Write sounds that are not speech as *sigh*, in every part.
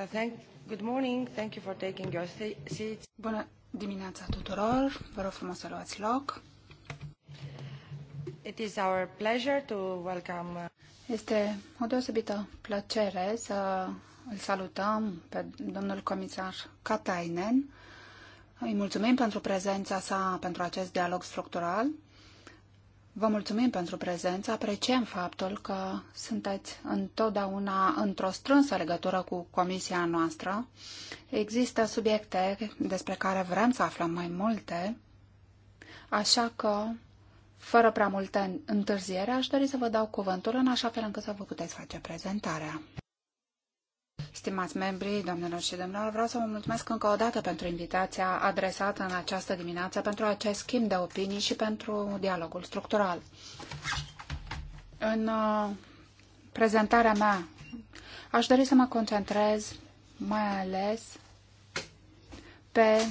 Uh, Bună dimineața tuturor. Vă rog frumos să luați loc. It is our pleasure to welcome... Uh, este o deosebită plăcere să îl salutăm pe domnul comisar Katainen. Îi mulțumim pentru prezența sa pentru acest dialog structural Vă mulțumim pentru prezență, apreciem faptul că sunteți întotdeauna într-o strânsă legătură cu comisia noastră. Există subiecte despre care vrem să aflăm mai multe, așa că, fără prea multe întârziere, aș dori să vă dau cuvântul în așa fel încât să vă puteți face prezentarea. Stimați membri, domnilor și domnilor, vreau să vă mulțumesc încă o dată pentru invitația adresată în această dimineață, pentru acest schimb de opinii și pentru dialogul structural. În uh, prezentarea mea aș dori să mă concentrez mai ales pe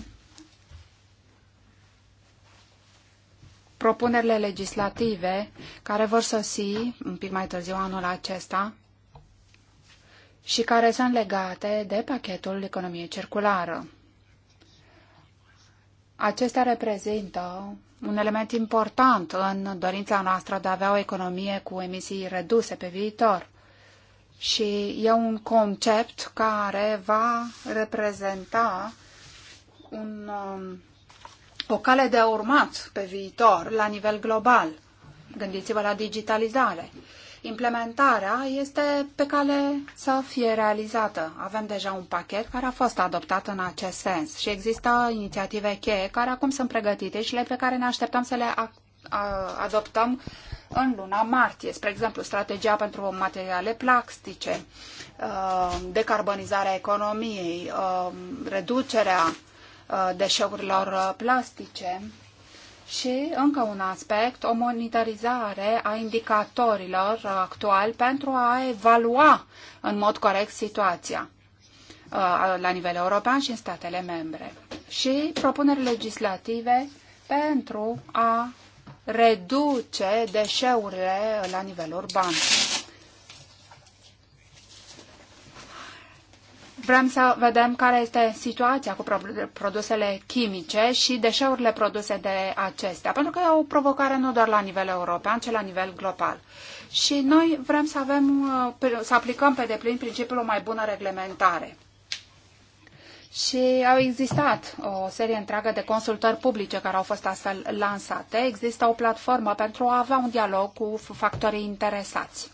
propunerile legislative care vor sosi un pic mai târziu anul acesta și care sunt legate de pachetul economie circulară. Acestea reprezintă un element important în dorința noastră de a avea o economie cu emisii reduse pe viitor. Și e un concept care va reprezenta un, um, o cale de urmat pe viitor la nivel global. Gândiți-vă la digitalizare. Implementarea este pe cale să fie realizată. Avem deja un pachet care a fost adoptat în acest sens și există inițiative cheie care acum sunt pregătite și le pe care ne așteptăm să le adoptăm în luna martie. Spre exemplu, strategia pentru materiale plastice, uh, decarbonizarea economiei, uh, reducerea uh, deșeurilor plastice și încă un aspect, o monitorizare a indicatorilor actuali pentru a evalua în mod corect situația uh, la nivel european și în statele membre și propuneri legislative pentru a reduce deșeurile la nivel urban. Vrem să vedem care este situația cu produsele chimice și deșeurile produse de acestea, pentru că e o provocare nu doar la nivel european, ci la nivel global. Și noi vrem să, avem, uh, să aplicăm pe deplin principiul o mai bună reglementare. Și au existat o serie întreagă de consultări publice care au fost astfel lansate. Există o platformă pentru a avea un dialog cu factorii interesați.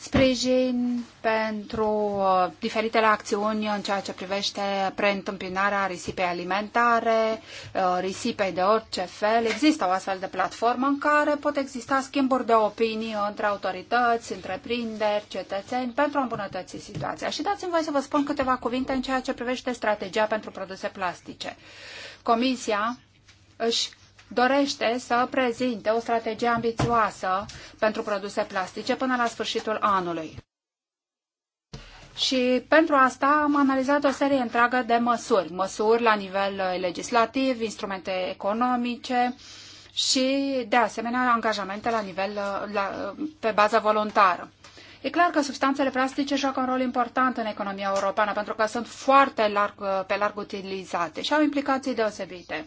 sprijin pentru uh, diferitele acțiuni în ceea ce privește preîntâmpinarea risipei alimentare, uh, risipei de orice fel. Există o astfel de platformă în care pot exista schimburi de opinii între autorități, întreprinderi, cetățeni pentru a îmbunătăți situația. Și dați-mi voi să vă spun câteva cuvinte în ceea ce privește strategia pentru produse plastice. Comisia își dorește să prezinte o strategie ambițioasă pentru produse plastice până la sfârșitul anului. Și pentru asta am analizat o serie întreagă de măsuri, măsuri la nivel uh, legislativ, instrumente economice și, de asemenea, angajamente la nivel, uh, la, uh, pe bază voluntară. E clar că substanțele plastice joacă un rol important în economia europeană pentru că sunt foarte larg, pe larg utilizate și au implicații deosebite.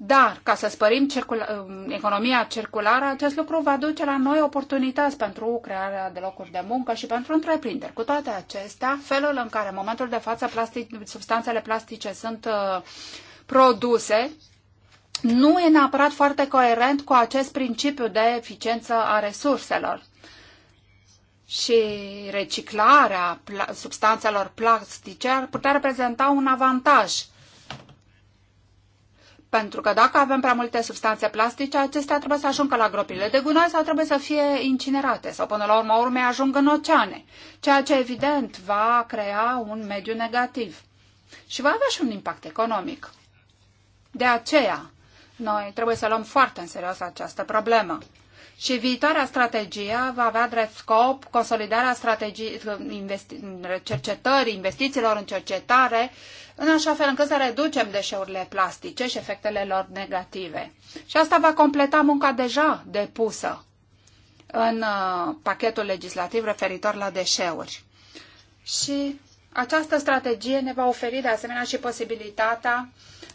Dar, ca să spărim circula- um, economia circulară, acest lucru va duce la noi oportunități pentru crearea de locuri de muncă și pentru întreprinderi. Cu toate acestea, felul în care în momentul de față plastic, substanțele plastice sunt uh, produse nu e neapărat foarte coerent cu acest principiu de eficiență a resurselor. Și reciclarea pla substanțelor plastice ar putea reprezenta un avantaj pentru că dacă avem prea multe substanțe plastice, acestea trebuie să ajungă la gropile de gunoi sau trebuie să fie incinerate sau până la urmă urmei ajung în oceane, ceea ce evident va crea un mediu negativ și va avea și un impact economic. De aceea, noi trebuie să luăm foarte în serios această problemă. Și viitoarea strategie va avea drept scop consolidarea strategii, investi, cercetării, investițiilor în cercetare în așa fel încât să reducem deșeurile plastice și efectele lor negative. Și asta va completa munca deja depusă în uh, pachetul legislativ referitor la deșeuri. Și această strategie ne va oferi de asemenea și posibilitatea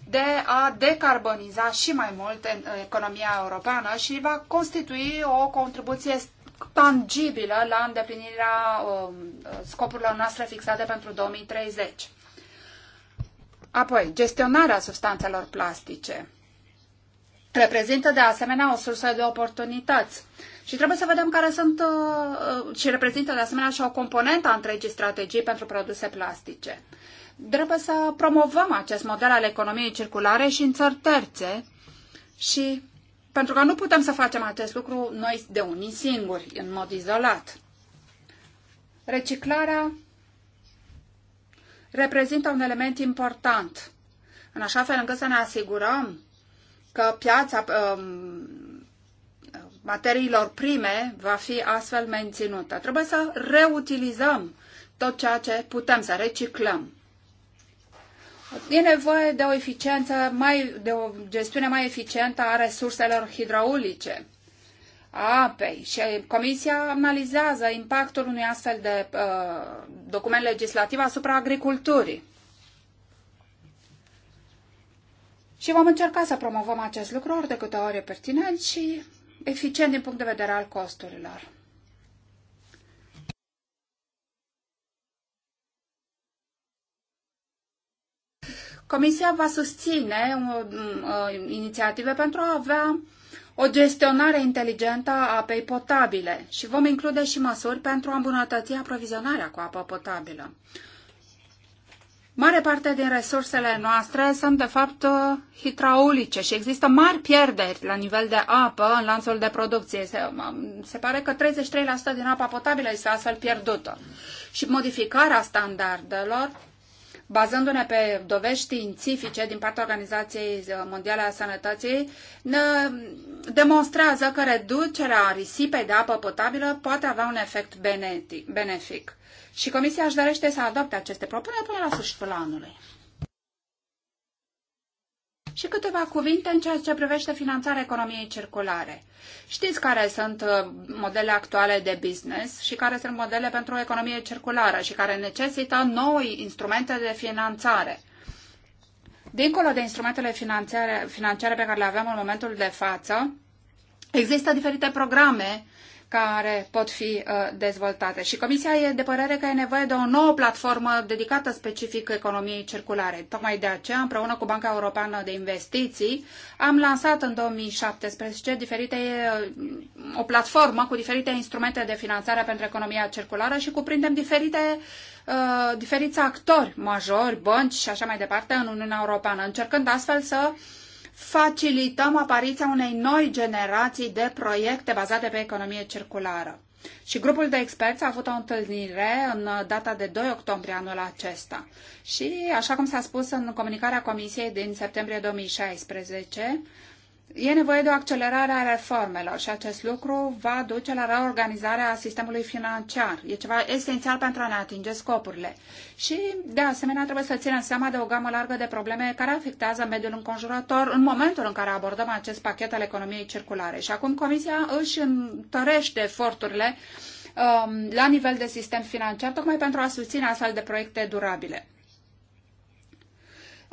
de a decarboniza și mai mult uh, economia europeană și va constitui o contribuție tangibilă la îndeplinirea uh, scopurilor noastre fixate pentru 2030. Apoi, gestionarea substanțelor plastice reprezintă de asemenea o sursă de oportunități. Și trebuie să vedem care sunt uh, uh, și reprezintă de asemenea și o componentă a întregii strategii pentru produse plastice. Trebuie să promovăm acest model al economiei circulare și în țări terțe și pentru că nu putem să facem acest lucru noi de unii singuri, în mod izolat. Reciclarea reprezintă un element important, în așa fel încât să ne asigurăm că piața um, materiilor prime va fi astfel menținută. Trebuie să reutilizăm tot ceea ce putem, să reciclăm. E nevoie de o eficiență mai, de o gestiune mai eficientă a resurselor hidraulice apei și Comisia analizează impactul unui astfel de uh, document legislativ asupra agriculturii. Și vom încerca să promovăm acest lucru ori de câte ori e pertinent și eficient din punct de vedere al costurilor. Comisia va susține uh, uh, inițiative pentru a avea o gestionare inteligentă a apei potabile și vom include și măsuri pentru a îmbunătăți aprovizionarea cu apă potabilă. Mare parte din resursele noastre sunt, de fapt, hidraulice și există mari pierderi la nivel de apă în lanțul de producție. Se, um, se pare că 33% din apa potabilă este astfel pierdută. Și modificarea standardelor bazându-ne pe dovești științifice din partea Organizației Mondiale a Sănătății, ne demonstrează că reducerea risipei de apă potabilă poate avea un efect benefic. Și Comisia își dorește să adopte aceste propuneri până la sfârșitul anului. Și câteva cuvinte în ceea ce privește finanțarea economiei circulare. Știți care sunt uh, modele actuale de business și care sunt modele pentru o economie circulară și care necesită noi instrumente de finanțare. Dincolo de instrumentele financiare, financiare pe care le avem în momentul de față, există diferite programe care pot fi uh, dezvoltate. Și Comisia e de părere că e nevoie de o nouă platformă dedicată specific economiei circulare. Tocmai de aceea, împreună cu Banca Europeană de Investiții, am lansat în 2017 diferite, uh, o platformă cu diferite instrumente de finanțare pentru economia circulară și cuprindem diferite uh, diferiți actori majori, bănci și așa mai departe în Uniunea Europeană, încercând astfel să facilităm apariția unei noi generații de proiecte bazate pe economie circulară. Și grupul de experți a avut o întâlnire în data de 2 octombrie anul acesta. Și, așa cum s-a spus în comunicarea Comisiei din septembrie 2016, E nevoie de o accelerare a reformelor și acest lucru va duce la reorganizarea sistemului financiar. E ceva esențial pentru a ne atinge scopurile. Și, de asemenea, trebuie să ținem seama de o gamă largă de probleme care afectează mediul înconjurător în momentul în care abordăm acest pachet al economiei circulare. Și acum Comisia își întărește eforturile um, la nivel de sistem financiar, tocmai pentru a susține astfel de proiecte durabile.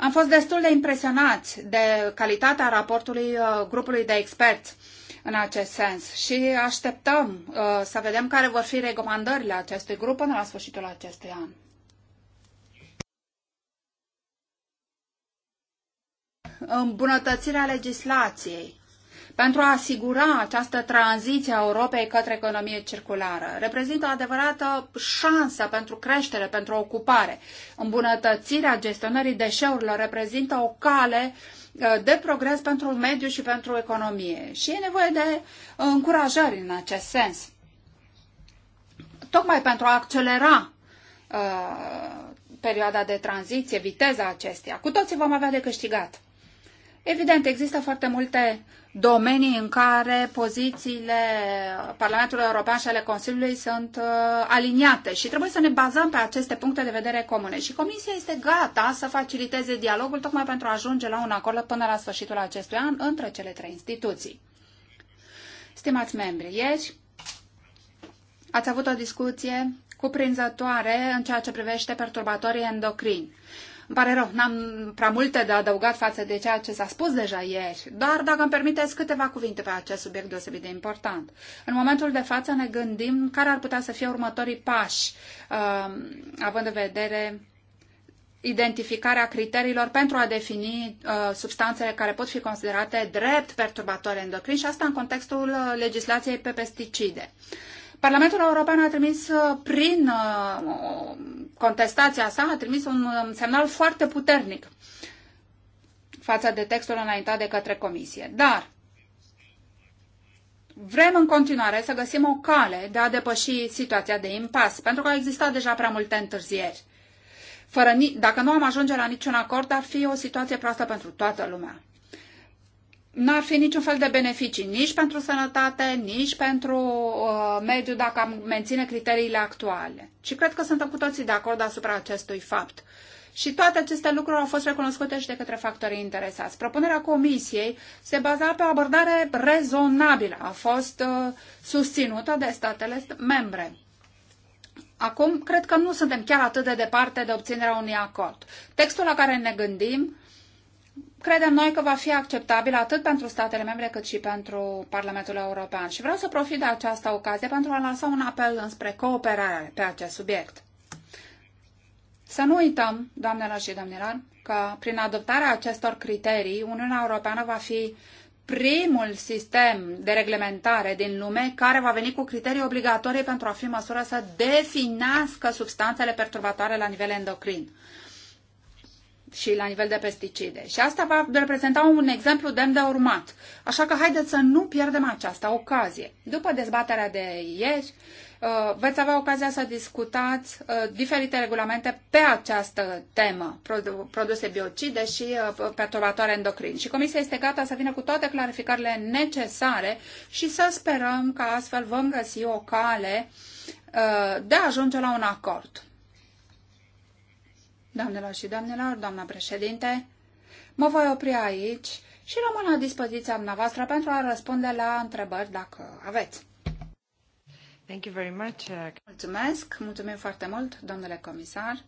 Am fost destul de impresionați de calitatea raportului uh, grupului de experți în acest sens și așteptăm uh, să vedem care vor fi recomandările acestui grup până la sfârșitul acestui an. Îmbunătățirea legislației pentru a asigura această tranziție a Europei către economie circulară. Reprezintă o adevărată șansă pentru creștere, pentru ocupare. Îmbunătățirea gestionării deșeurilor reprezintă o cale uh, de progres pentru mediu și pentru economie. Și e nevoie de încurajări în acest sens. Tocmai pentru a accelera uh, perioada de tranziție, viteza acesteia. Cu toții vom avea de câștigat. Evident, există foarte multe domenii în care pozițiile Parlamentului European și ale Consiliului sunt uh, aliniate și trebuie să ne bazăm pe aceste puncte de vedere comune. Și Comisia este gata să faciliteze dialogul tocmai pentru a ajunge la un acord până la sfârșitul acestui an între cele trei instituții. Stimați membri, ieri ați avut o discuție cuprinzătoare în ceea ce privește perturbatorii endocrini. Îmi pare rău, n-am prea multe de adăugat față de ceea ce s-a spus deja ieri, dar dacă îmi permiteți câteva cuvinte pe acest subiect deosebit de important. În momentul de față ne gândim care ar putea să fie următorii pași, uh, având în vedere identificarea criteriilor pentru a defini uh, substanțele care pot fi considerate drept perturbatoare endocrin și asta în contextul uh, legislației pe pesticide. Uh, Parlamentul European a trimis uh, prin uh, contestația sa, a trimis un um, semnal foarte puternic față de textul înaintat de către Comisie. Dar vrem în continuare să găsim o cale de a depăși situația de impas, pentru că au existat deja prea multe întârzieri. Fără ni- dacă nu am ajunge la niciun acord, ar fi o situație proastă pentru toată lumea n-ar fi niciun fel de beneficii nici pentru sănătate, nici pentru uh, mediu dacă am menține criteriile actuale. Și cred că suntem cu toții de acord asupra acestui fapt. Și toate aceste lucruri au fost recunoscute și de către factorii interesați. Propunerea comisiei se baza pe o abordare rezonabilă, a fost uh, susținută de statele membre. Acum, cred că nu suntem chiar atât de departe de obținerea unui acord. Textul la care ne gândim credem noi că va fi acceptabil atât pentru statele membre cât și pentru Parlamentul European. Și vreau să profit de această ocazie pentru a lansa un apel înspre cooperare pe acest subiect. Să nu uităm, doamnelor și domnilor, că prin adoptarea acestor criterii, Uniunea Europeană va fi primul sistem de reglementare din lume care va veni cu criterii obligatorii pentru a fi măsură să definească substanțele perturbatoare la nivel endocrin și la nivel de pesticide. Și asta va reprezenta un exemplu demn de urmat. Așa că haideți să nu pierdem această ocazie. După dezbaterea de ieri, uh, veți avea ocazia să discutați uh, diferite regulamente pe această temă, produse biocide și uh, perturbatoare endocrini. Și Comisia este gata să vină cu toate clarificările necesare și să sperăm că astfel vom găsi o cale de a ajunge la un acord. Doamnelor și domnilor, doamna președinte, mă voi opri aici și rămân la dispoziția dumneavoastră pentru a răspunde la întrebări dacă aveți. Thank you very much. Uh, Mulțumesc, mulțumim foarte mult, domnule comisar,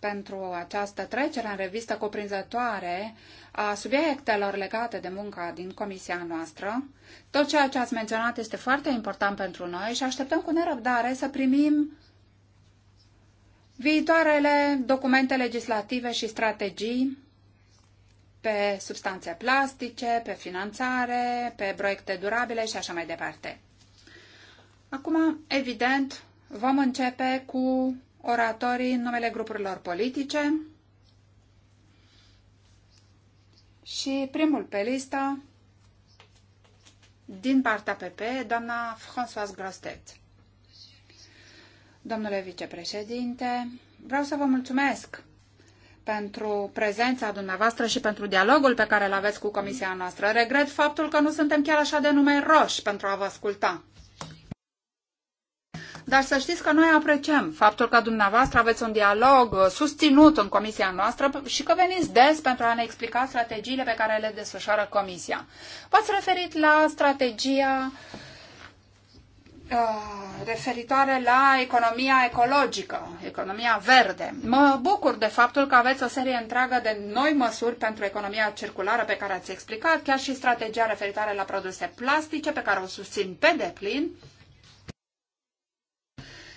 pentru această trecere în revistă cuprinzătoare a subiectelor legate de munca din comisia noastră. Tot ceea ce ați menționat este foarte important pentru noi și așteptăm cu nerăbdare să primim Viitoarele documente legislative și strategii pe substanțe plastice, pe finanțare, pe proiecte durabile și așa mai departe. Acum, evident, vom începe cu oratorii în numele grupurilor politice. Și primul pe listă, din partea PP, doamna Françoise Grostet. Domnule vicepreședinte, vreau să vă mulțumesc pentru prezența dumneavoastră și pentru dialogul pe care îl aveți cu comisia noastră. Regret faptul că nu suntem chiar așa de numeroși pentru a vă asculta. Dar să știți că noi apreciem faptul că dumneavoastră aveți un dialog susținut în comisia noastră și că veniți des pentru a ne explica strategiile pe care le desfășoară comisia. V-ați referit la strategia uh, Uh, referitoare la economia ecologică, economia verde. Mă bucur de faptul că aveți o serie întreagă de noi măsuri pentru economia circulară pe care ați explicat, chiar și strategia referitoare la produse plastice pe care o susțin pe deplin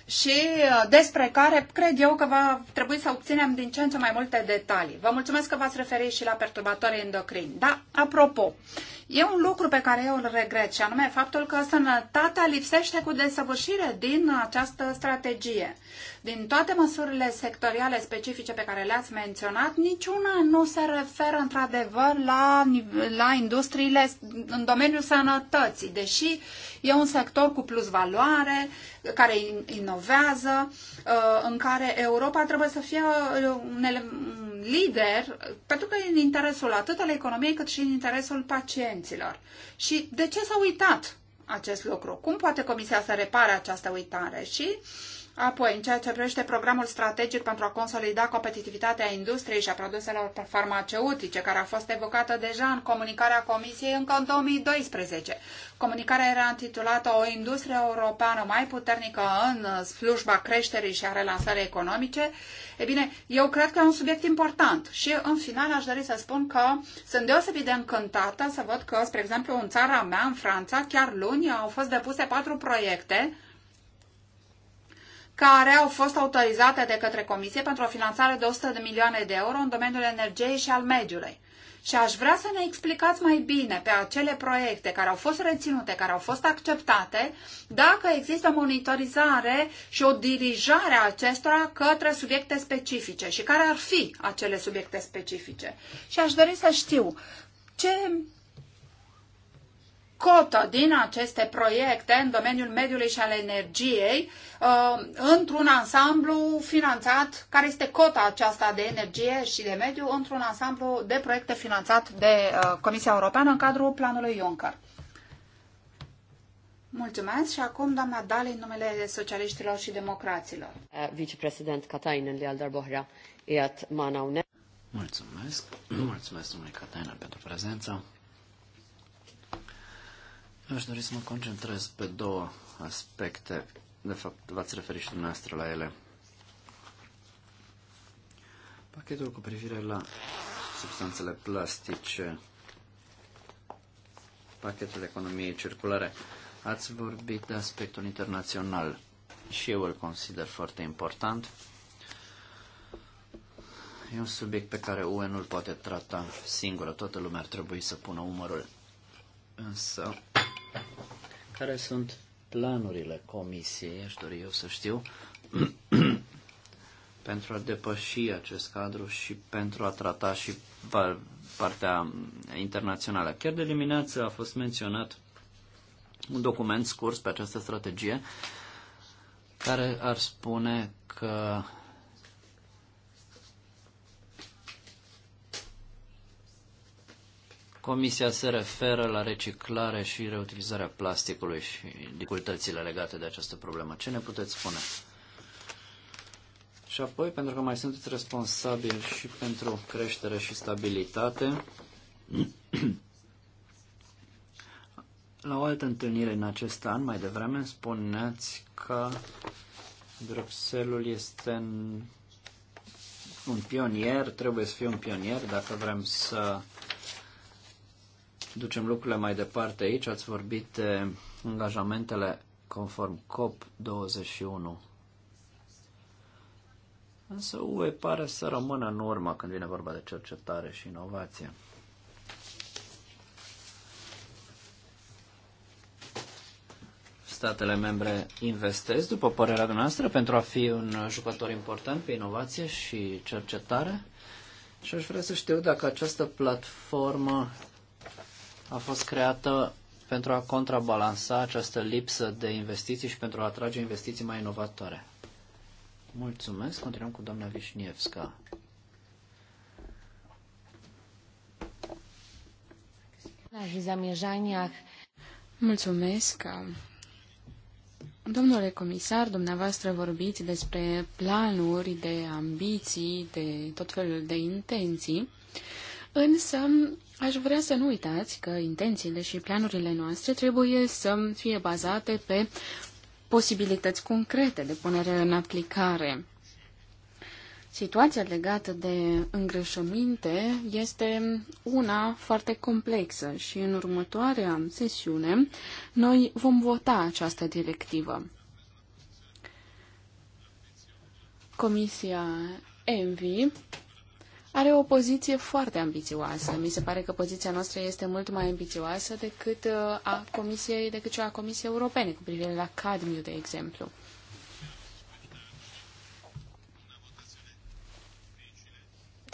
și uh, despre care cred eu că va trebui să obținem din ce în ce mai multe detalii. Vă mulțumesc că v-ați referit și la perturbatorii endocrini. Da, apropo, uh, E un lucru pe care eu îl regret și anume faptul că sănătatea lipsește cu desăvârșire din această strategie. Din toate măsurile sectoriale specifice pe care le-ați menționat, niciuna nu se referă într-adevăr la, la industriile în domeniul sănătății, deși e un sector cu plus valoare, care inovează, Uh, în care Europa trebuie să fie uh, un lider, pentru că e în interesul atât al economiei cât și în interesul pacienților. Și de ce s-a uitat acest lucru? Cum poate Comisia să repare această uitare? Și uh, Apoi, în ceea ce privește programul strategic pentru a consolida competitivitatea industriei și a produselor farmaceutice, care a fost evocată deja în comunicarea Comisiei încă în 2012. Comunicarea era intitulată O industrie europeană mai puternică în slujba creșterii și a relansării economice. E bine, eu cred că e un subiect important și, în final, aș dori să spun că sunt deosebit de încântată să văd că, spre exemplu, în țara mea, în Franța, chiar luni, au fost depuse patru proiecte care au fost autorizate de către Comisie pentru o finanțare de 100 de milioane de euro în domeniul energiei și al mediului. Și aș vrea să ne explicați mai bine pe acele proiecte care au fost reținute, care au fost acceptate, dacă există monitorizare și o dirijare a acestora către subiecte specifice și care ar fi acele subiecte specifice. Și aș dori să știu ce cotă din aceste proiecte în domeniul mediului și al energiei uh, într-un ansamblu finanțat, care este cota aceasta de energie și de mediu, într-un ansamblu de proiecte finanțat de uh, Comisia Europeană în cadrul planului Juncker. Mulțumesc și acum doamna Dali în numele socialiștilor și democraților. Vicepreședint Katainen de Aldarbohra, iat manau Mulțumesc. Mulțumesc domnule Katainen pentru prezență. Aș dori să mă concentrez pe două aspecte. De fapt, v-ați referit și dumneavoastră la ele. Pachetul cu privire la substanțele plastice, pachetul economiei circulare. Ați vorbit de aspectul internațional și eu îl consider foarte important. E un subiect pe care UE nu-l poate trata singură. Toată lumea ar trebui să pună umărul. Însă care sunt planurile comisiei, aș dori eu să știu, *clears throat* pentru a depăși acest cadru și pentru a trata și partea internațională. Chiar de dimineață a fost menționat un document scurs pe această strategie care ar spune că Comisia se referă la reciclare și reutilizarea plasticului și dificultățile legate de această problemă. Ce ne puteți spune? Și apoi, pentru că mai sunteți responsabili și pentru creștere și stabilitate, la o altă întâlnire în acest an, mai devreme, spuneați că Bruxelles este un pionier, trebuie să fie un pionier dacă vrem să ducem lucrurile mai departe aici. Ați vorbit de angajamentele conform COP21. Însă UE pare să rămână în urmă când vine vorba de cercetare și inovație. Statele membre investesc, după părerea noastră, pentru a fi un jucător important pe inovație și cercetare? Și aș vrea să știu dacă această platformă a fost creată pentru a contrabalansa această lipsă de investiții și pentru a atrage investiții mai inovatoare. Mulțumesc. Continuăm cu doamna Vișnievska. Mulțumesc. Domnule comisar, dumneavoastră vorbiți despre planuri, de ambiții, de tot felul de intenții. Însă, aș vrea să nu uitați că intențiile și planurile noastre trebuie să fie bazate pe posibilități concrete de punere în aplicare. Situația legată de îngrășăminte este una foarte complexă și în următoarea sesiune noi vom vota această directivă. Comisia ENVI are o poziție foarte ambițioasă. Mi se pare că poziția noastră este mult mai ambițioasă decât uh, a Comisiei, decât cea a Comisiei Europene cu privire la cadmiu, de exemplu.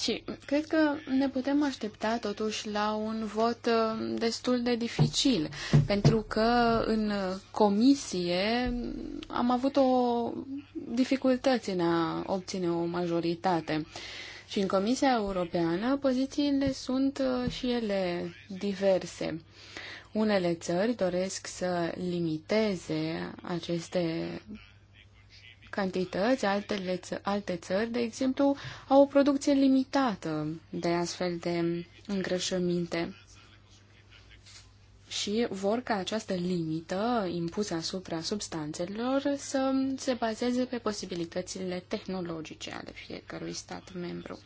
Și cred că ne putem aștepta totuși la un vot uh, destul de dificil, pentru că în comisie am avut o dificultăți în a obține o majoritate. Și în Comisia Europeană pozițiile sunt uh, și ele diverse. Unele țări doresc să limiteze aceste cantități, altele, alte țări, de exemplu, au o producție limitată de astfel de îngrășăminte și vor ca această limită impusă asupra substanțelor să se bazeze pe posibilitățile tehnologice ale fiecărui stat membru.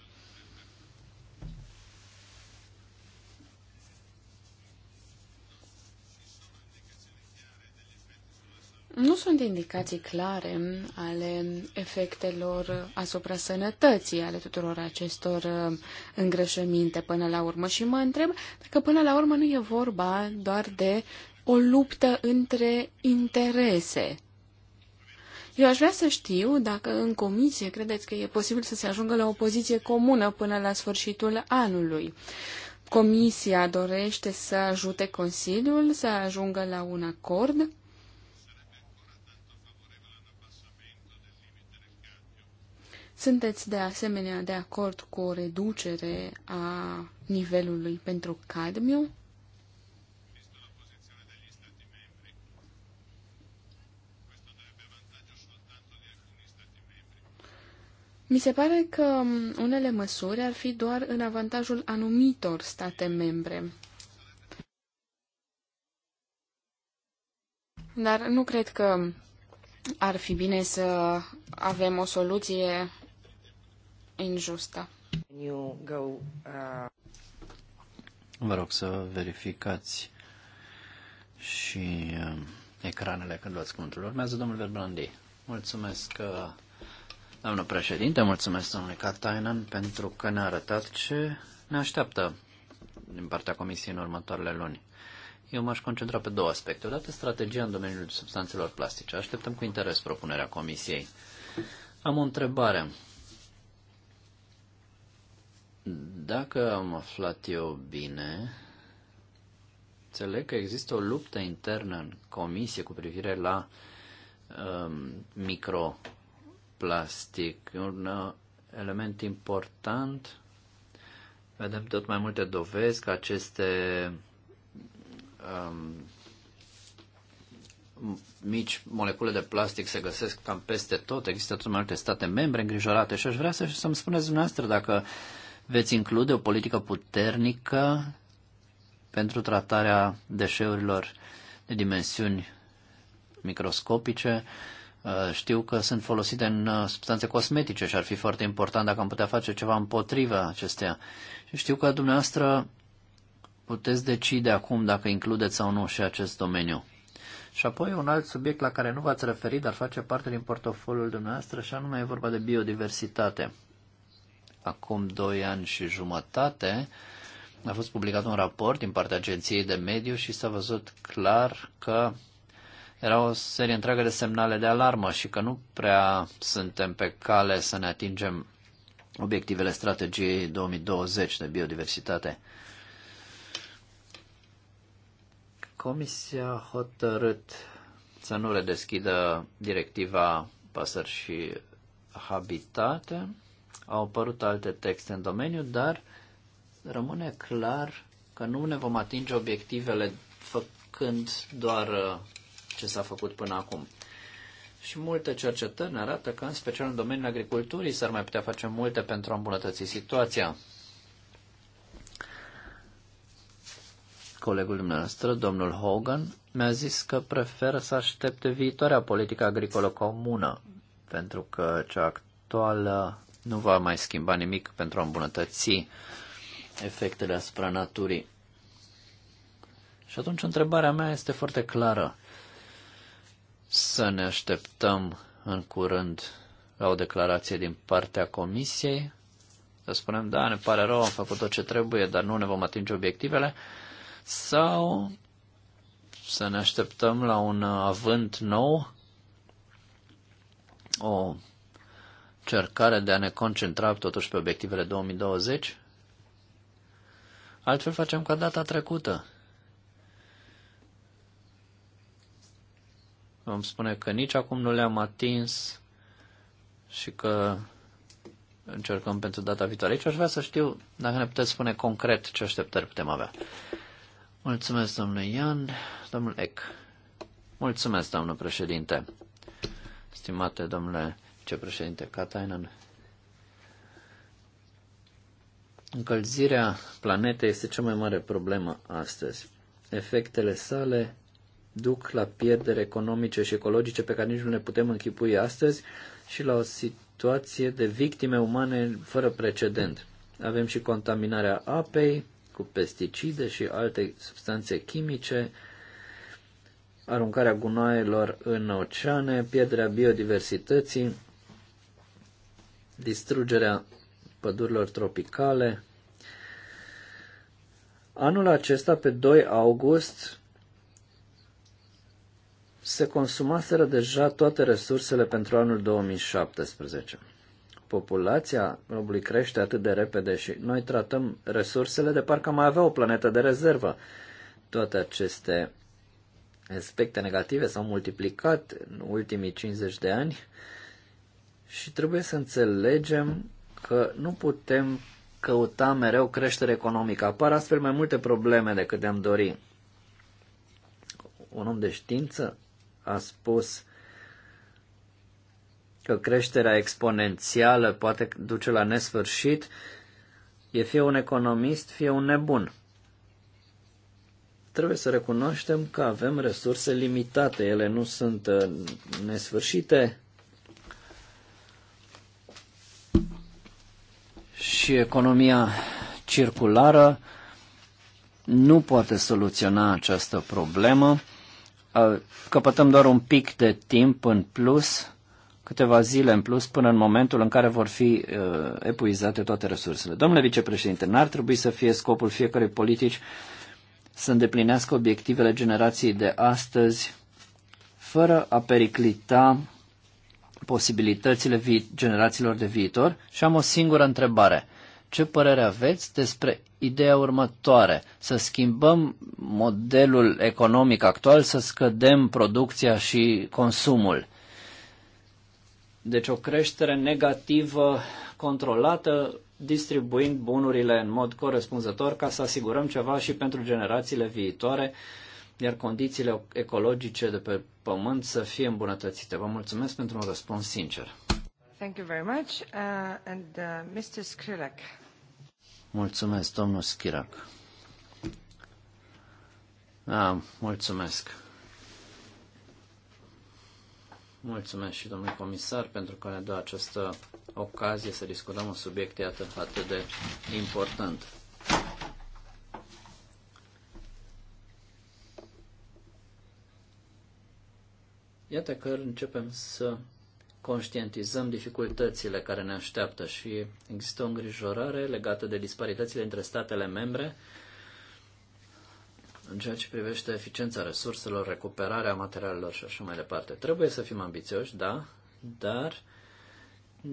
Nu sunt indicații clare ale efectelor asupra sănătății, ale tuturor acestor uh, îngrășăminte până la urmă și mă întreb dacă până la urmă nu e vorba doar de o luptă între interese. Eu aș vrea să știu dacă în comisie credeți că e posibil să se ajungă la o poziție comună până la sfârșitul anului. Comisia dorește să ajute Consiliul să ajungă la un acord? Sunteți de asemenea de acord cu o reducere a nivelului pentru cadmiu? Mi se pare că unele măsuri ar fi doar în avantajul anumitor state membre. Dar nu cred că ar fi bine să avem o soluție injustă. Uh, Vă rog să verificați și uh, ecranele când luați cuvântul. Urmează domnul Verbrandi. Mulțumesc, uh, doamnă președinte, mulțumesc domnule Katainen pentru că ne-a arătat ce ne așteaptă din partea Comisiei în următoarele luni. Eu m-aș concentra pe două aspecte. Odată strategia în domeniul substanțelor plastice. Așteptăm cu interes propunerea Comisiei. Am o întrebare. Dacă am aflat eu bine, înțeleg că există o luptă internă în comisie cu privire la um, microplastic. E un uh, element important. Vedem tot mai multe dovezi că aceste um, mici molecule de plastic se găsesc cam peste tot. Există tot mai multe state membre îngrijorate și aș vrea să, să-mi spuneți dumneavoastră dacă uh, veți include o politică puternică pentru tratarea deșeurilor de dimensiuni microscopice. Uh, știu că sunt folosite în uh, substanțe cosmetice și ar fi foarte important dacă am putea face ceva împotriva acestea. Și știu că dumneavoastră puteți decide acum dacă includeți sau nu și acest domeniu. Și apoi un alt subiect la care nu v-ați referit, dar face parte din portofoliul dumneavoastră, și anume e vorba de biodiversitate acum doi ani și jumătate, a fost publicat un raport din partea Agenției de Mediu și s-a văzut clar că era o serie întreagă de semnale de alarmă și că nu prea suntem pe cale să ne atingem obiectivele strategiei 2020 de biodiversitate. Comisia a hotărât să nu redeschidă directiva pasări și habitate au apărut alte texte în domeniu, dar rămâne clar că nu ne vom atinge obiectivele făcând doar uh, ce s-a făcut până acum. Și multe cercetări ne arată că, în special în domeniul agriculturii, s-ar mai putea face multe pentru a îmbunătăți situația. Colegul dumneavoastră, domnul Hogan, mi-a zis că preferă să aștepte viitoarea politică agricolă comună, pentru că cea actuală nu va mai schimba nimic pentru a îmbunătăți efectele asupra naturii. Și atunci întrebarea mea este foarte clară. Să ne așteptăm în curând la o declarație din partea Comisiei, să spunem, da, ne pare rău, am făcut tot ce trebuie, dar nu ne vom atinge obiectivele, sau să ne așteptăm la un avânt nou, o încercare de a ne concentra totuși pe obiectivele 2020? Altfel facem ca data trecută. Vom spune că nici acum nu le-am atins și că încercăm pentru data viitoare. Aici aș vrea să știu dacă ne puteți spune concret ce așteptări putem avea. Mulțumesc, domnule Ian. Domnul Eck. Mulțumesc, domnul președinte. Stimate domnule vicepreședinte Katainen. Încălzirea planetei este cea mai mare problemă astăzi. Efectele sale duc la pierderi economice și ecologice pe care nici nu le putem închipui astăzi și la o situație de victime umane fără precedent. Avem și contaminarea apei cu pesticide și alte substanțe chimice, aruncarea gunoaielor în oceane, pierderea biodiversității, distrugerea pădurilor tropicale. Anul acesta, pe 2 august, se consumaseră deja toate resursele pentru anul 2017. Populația globului crește atât de repede și noi tratăm resursele de parcă mai avea o planetă de rezervă. Toate aceste aspecte negative s-au multiplicat în ultimii 50 de ani și trebuie să înțelegem că nu putem căuta mereu creștere economică. Apar astfel mai multe probleme decât am dori. Un om de știință a spus că creșterea exponențială poate duce la nesfârșit, e fie un economist, fie un nebun. Trebuie să recunoaștem că avem resurse limitate, ele nu sunt uh, nesfârșite, și economia circulară nu poate soluționa această problemă. Căpătăm doar un pic de timp în plus, câteva zile în plus, până în momentul în care vor fi uh, epuizate toate resursele. Domnule vicepreședinte, n-ar trebui să fie scopul fiecărei politici să îndeplinească obiectivele generației de astăzi, fără a periclita posibilitățile vi- generațiilor de viitor și am o singură întrebare. Ce părere aveți despre ideea următoare? Să schimbăm modelul economic actual, să scădem producția și consumul. Deci o creștere negativă controlată, distribuind bunurile în mod corespunzător ca să asigurăm ceva și pentru generațiile viitoare iar condițiile ecologice de pe pământ să fie îmbunătățite. Vă mulțumesc pentru un răspuns sincer. Thank you very much. Uh, and, uh, Mr. Skrilek. Mulțumesc, domnul Schirac. Da, mulțumesc. Mulțumesc și domnului comisar pentru că ne dă această ocazie să discutăm un subiect iată atât de important. Iată că începem să conștientizăm dificultățile care ne așteaptă și există o îngrijorare legată de disparitățile între statele membre în ceea ce privește eficiența resurselor, recuperarea materialelor și așa mai departe. Trebuie să fim ambițioși, da, dar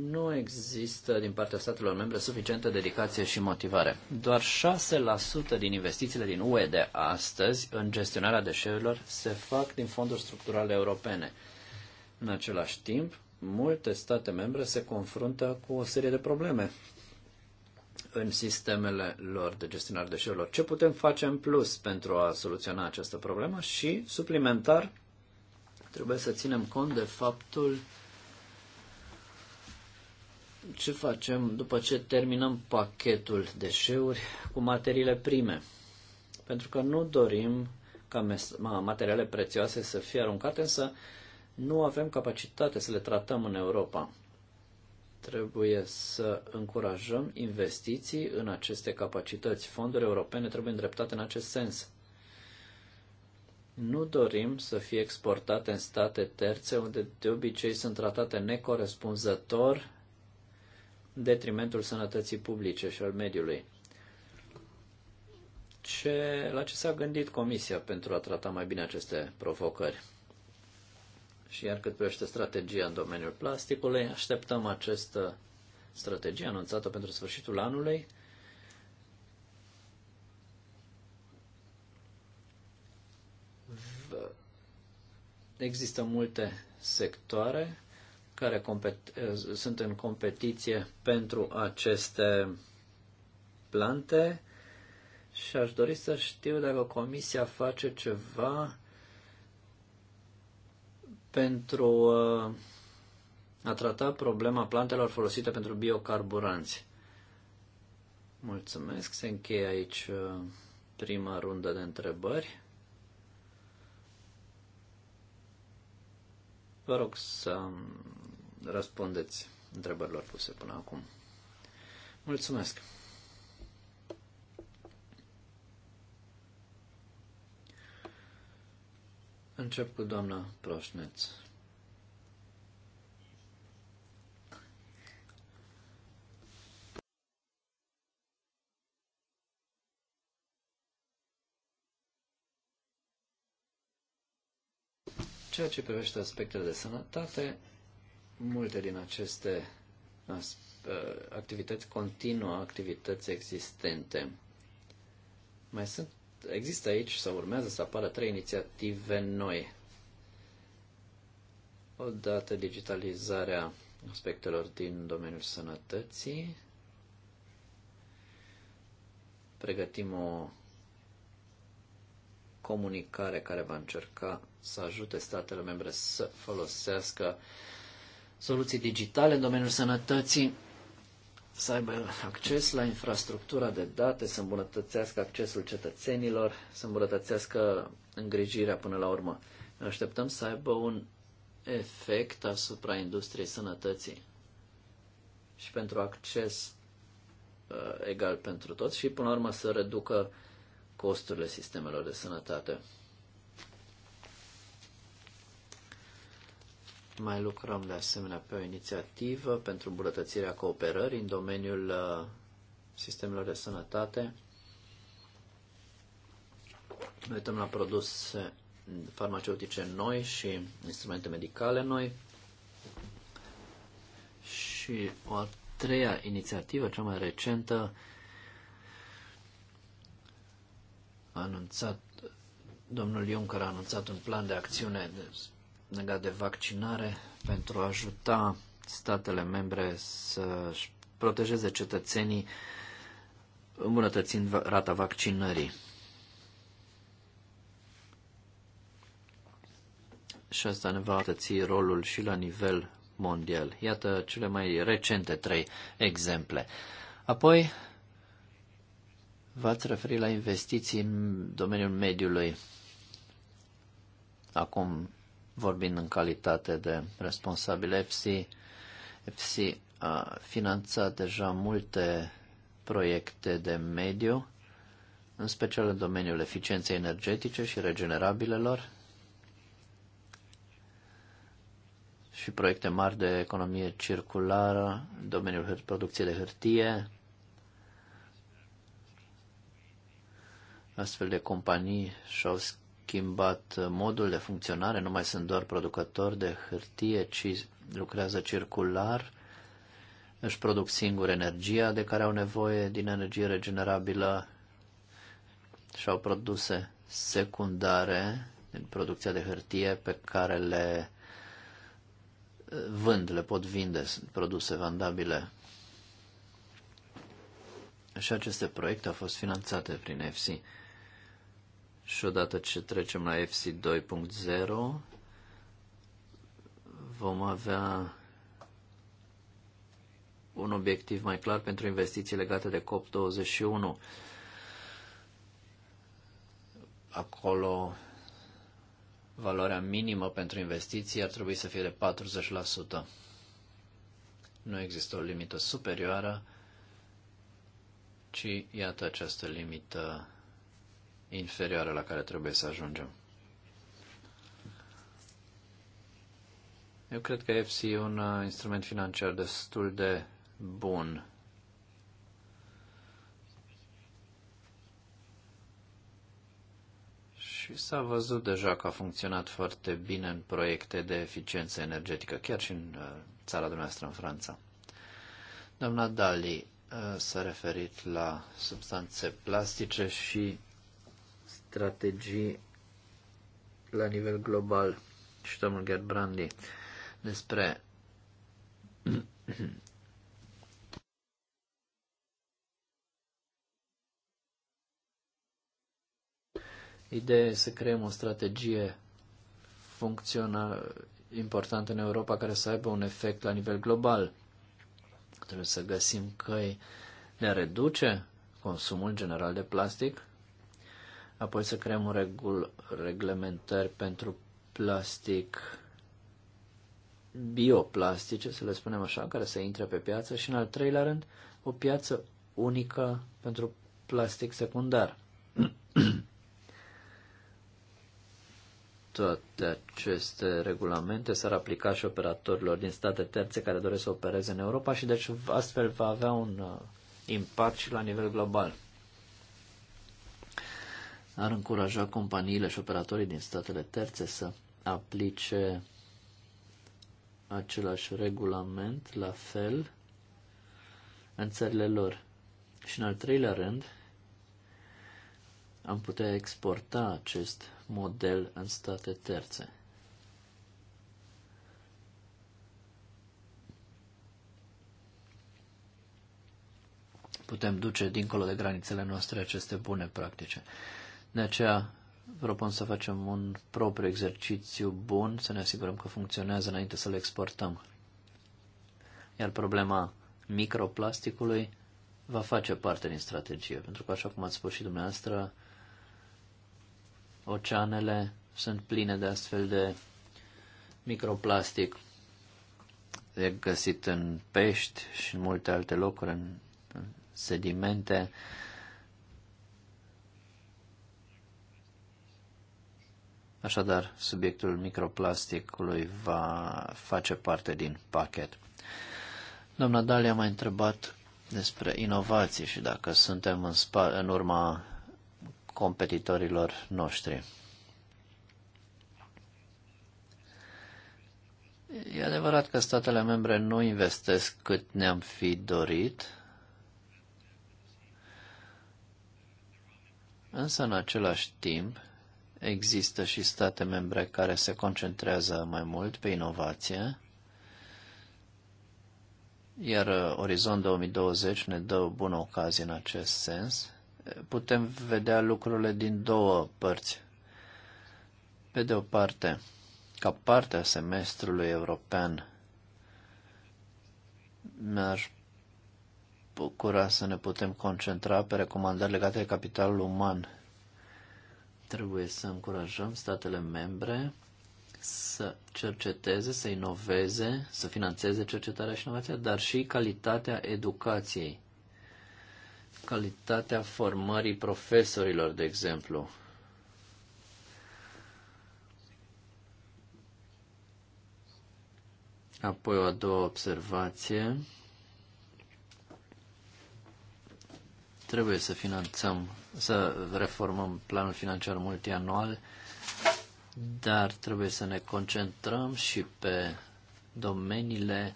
nu există din partea statelor membre suficientă dedicație și motivare. Doar 6% din investițiile din UE de astăzi în gestionarea deșeurilor se fac din fonduri structurale europene. În același timp, multe state membre se confruntă cu o serie de probleme în sistemele lor de gestionare deșeurilor. Ce putem face în plus pentru a soluționa această problemă și, suplimentar, trebuie să ținem cont de faptul ce facem după ce terminăm pachetul deșeuri cu materiile prime. Pentru că nu dorim ca materiale prețioase să fie aruncate, însă nu avem capacitate să le tratăm în Europa. Trebuie să încurajăm investiții în aceste capacități. Fonduri europene trebuie îndreptate în acest sens. Nu dorim să fie exportate în state terțe unde de obicei sunt tratate necorespunzător detrimentul sănătății publice și al mediului. Ce, la ce s-a gândit Comisia pentru a trata mai bine aceste provocări? Și iar cât privește strategia în domeniul plasticului, așteptăm această strategie anunțată pentru sfârșitul anului. Există multe sectoare care sunt în competiție pentru aceste plante și aș dori să știu dacă Comisia face ceva pentru uh, a trata problema plantelor folosite pentru biocarburanți. Mulțumesc, se încheie aici uh, prima rundă de întrebări. Vă rog să răspundeți întrebărilor puse până acum. Mulțumesc! Încep cu doamna Proșneț. Ceea ce privește aspectele de sănătate, Multe din aceste ă, activități continuă activități existente. Mai sunt, există aici sau urmează să apară trei inițiative noi. Odată digitalizarea aspectelor din domeniul sănătății. Pregătim o comunicare care va încerca să ajute statele membre să folosească uh, soluții digitale în domeniul sănătății, să aibă acces la infrastructura de date, să îmbunătățească accesul cetățenilor, să îmbunătățească îngrijirea până la urmă. Ne așteptăm să aibă un efect asupra industriei sănătății și pentru acces uh, egal pentru toți și până la urmă să reducă costurile sistemelor de sănătate. Mai lucrăm de asemenea pe o inițiativă pentru îmbunătățirea cooperării în domeniul uh, sistemelor de sănătate. Ne uităm la produse farmaceutice noi și instrumente medicale noi. Și o a treia inițiativă, cea mai recentă, a anunțat, domnul Juncker a anunțat un plan de acțiune legat de vaccinare pentru a ajuta statele membre să protejeze cetățenii îmbunătățind rata vaccinării. Și asta ne va atăți rolul și la nivel mondial. Iată cele mai recente trei exemple. Apoi, v-ați referit la investiții în domeniul mediului. Acum vorbind în calitate de responsabil EPSI. EPSI a finanțat deja multe proiecte de mediu, în special în domeniul eficienței energetice și regenerabilelor și proiecte mari de economie circulară, în domeniul producției de hârtie, astfel de companii și-au schimbat modul de funcționare, nu mai sunt doar producători de hârtie, ci lucrează circular, își produc singur energia de care au nevoie din energie regenerabilă și au produse secundare din producția de hârtie pe care le uh, vând, le pot vinde, produse vandabile. Și aceste proiecte au fost finanțate prin EFSI. Și odată ce trecem la FC 2.0, vom avea un obiectiv mai clar pentru investiții legate de COP21. Acolo valoarea minimă pentru investiții ar trebui să fie de 40%. Nu există o limită superioară, ci iată această limită inferioară la care trebuie să ajungem. Eu cred că EFSI e un uh, instrument financiar destul de bun. Și s-a văzut deja că a funcționat foarte bine în proiecte de eficiență energetică, chiar și în uh, țara dumneavoastră, în Franța. Doamna Dali uh, s-a referit la substanțe plastice și strategii la nivel global și domnul Gerbrandi despre *clears throat* Ideea să creăm o strategie funcțională importantă în Europa care să aibă un efect la nivel global. Trebuie să găsim căi de a reduce consumul general de plastic apoi să creăm un regul, reglementări pentru plastic bioplastice, să le spunem așa, care să intre pe piață și, în al treilea rând, o piață unică pentru plastic secundar. *clears throat* Toate aceste regulamente s-ar aplica și operatorilor din state terțe care doresc să opereze în Europa și deci astfel va avea un uh, impact și la nivel global ar încuraja companiile și operatorii din statele terțe să aplice același regulament la fel în țările lor. Și în al treilea rând, am putea exporta acest model în state terțe. Putem duce dincolo de granițele noastre aceste bune practice. De aceea propun să facem un propriu exercițiu bun, să ne asigurăm că funcționează înainte să-l exportăm. Iar problema microplasticului va face parte din strategie, pentru că, așa cum ați spus și dumneavoastră, oceanele sunt pline de astfel de microplastic. E găsit în pești și în multe alte locuri, în, în sedimente. Așadar, subiectul microplasticului va face parte din pachet. Doamna Dalia m-a întrebat despre inovații și dacă suntem în, spa- în urma competitorilor noștri. E adevărat că statele membre nu investesc cât ne-am fi dorit, însă în același timp Există și state membre care se concentrează mai mult pe inovație, iar uh, Orizont 2020 ne dă o bună ocazie în acest sens. Putem vedea lucrurile din două părți. Pe de o parte, ca parte a semestrului european, mi-aș bucura să ne putem concentra pe recomandări legate de capitalul uman Trebuie să încurajăm statele membre să cerceteze, să inoveze, să financeze cercetarea și inovația, dar și calitatea educației, calitatea formării profesorilor, de exemplu. Apoi o a doua observație. Trebuie să finanțăm să reformăm planul financiar multianual, dar trebuie să ne concentrăm și pe domeniile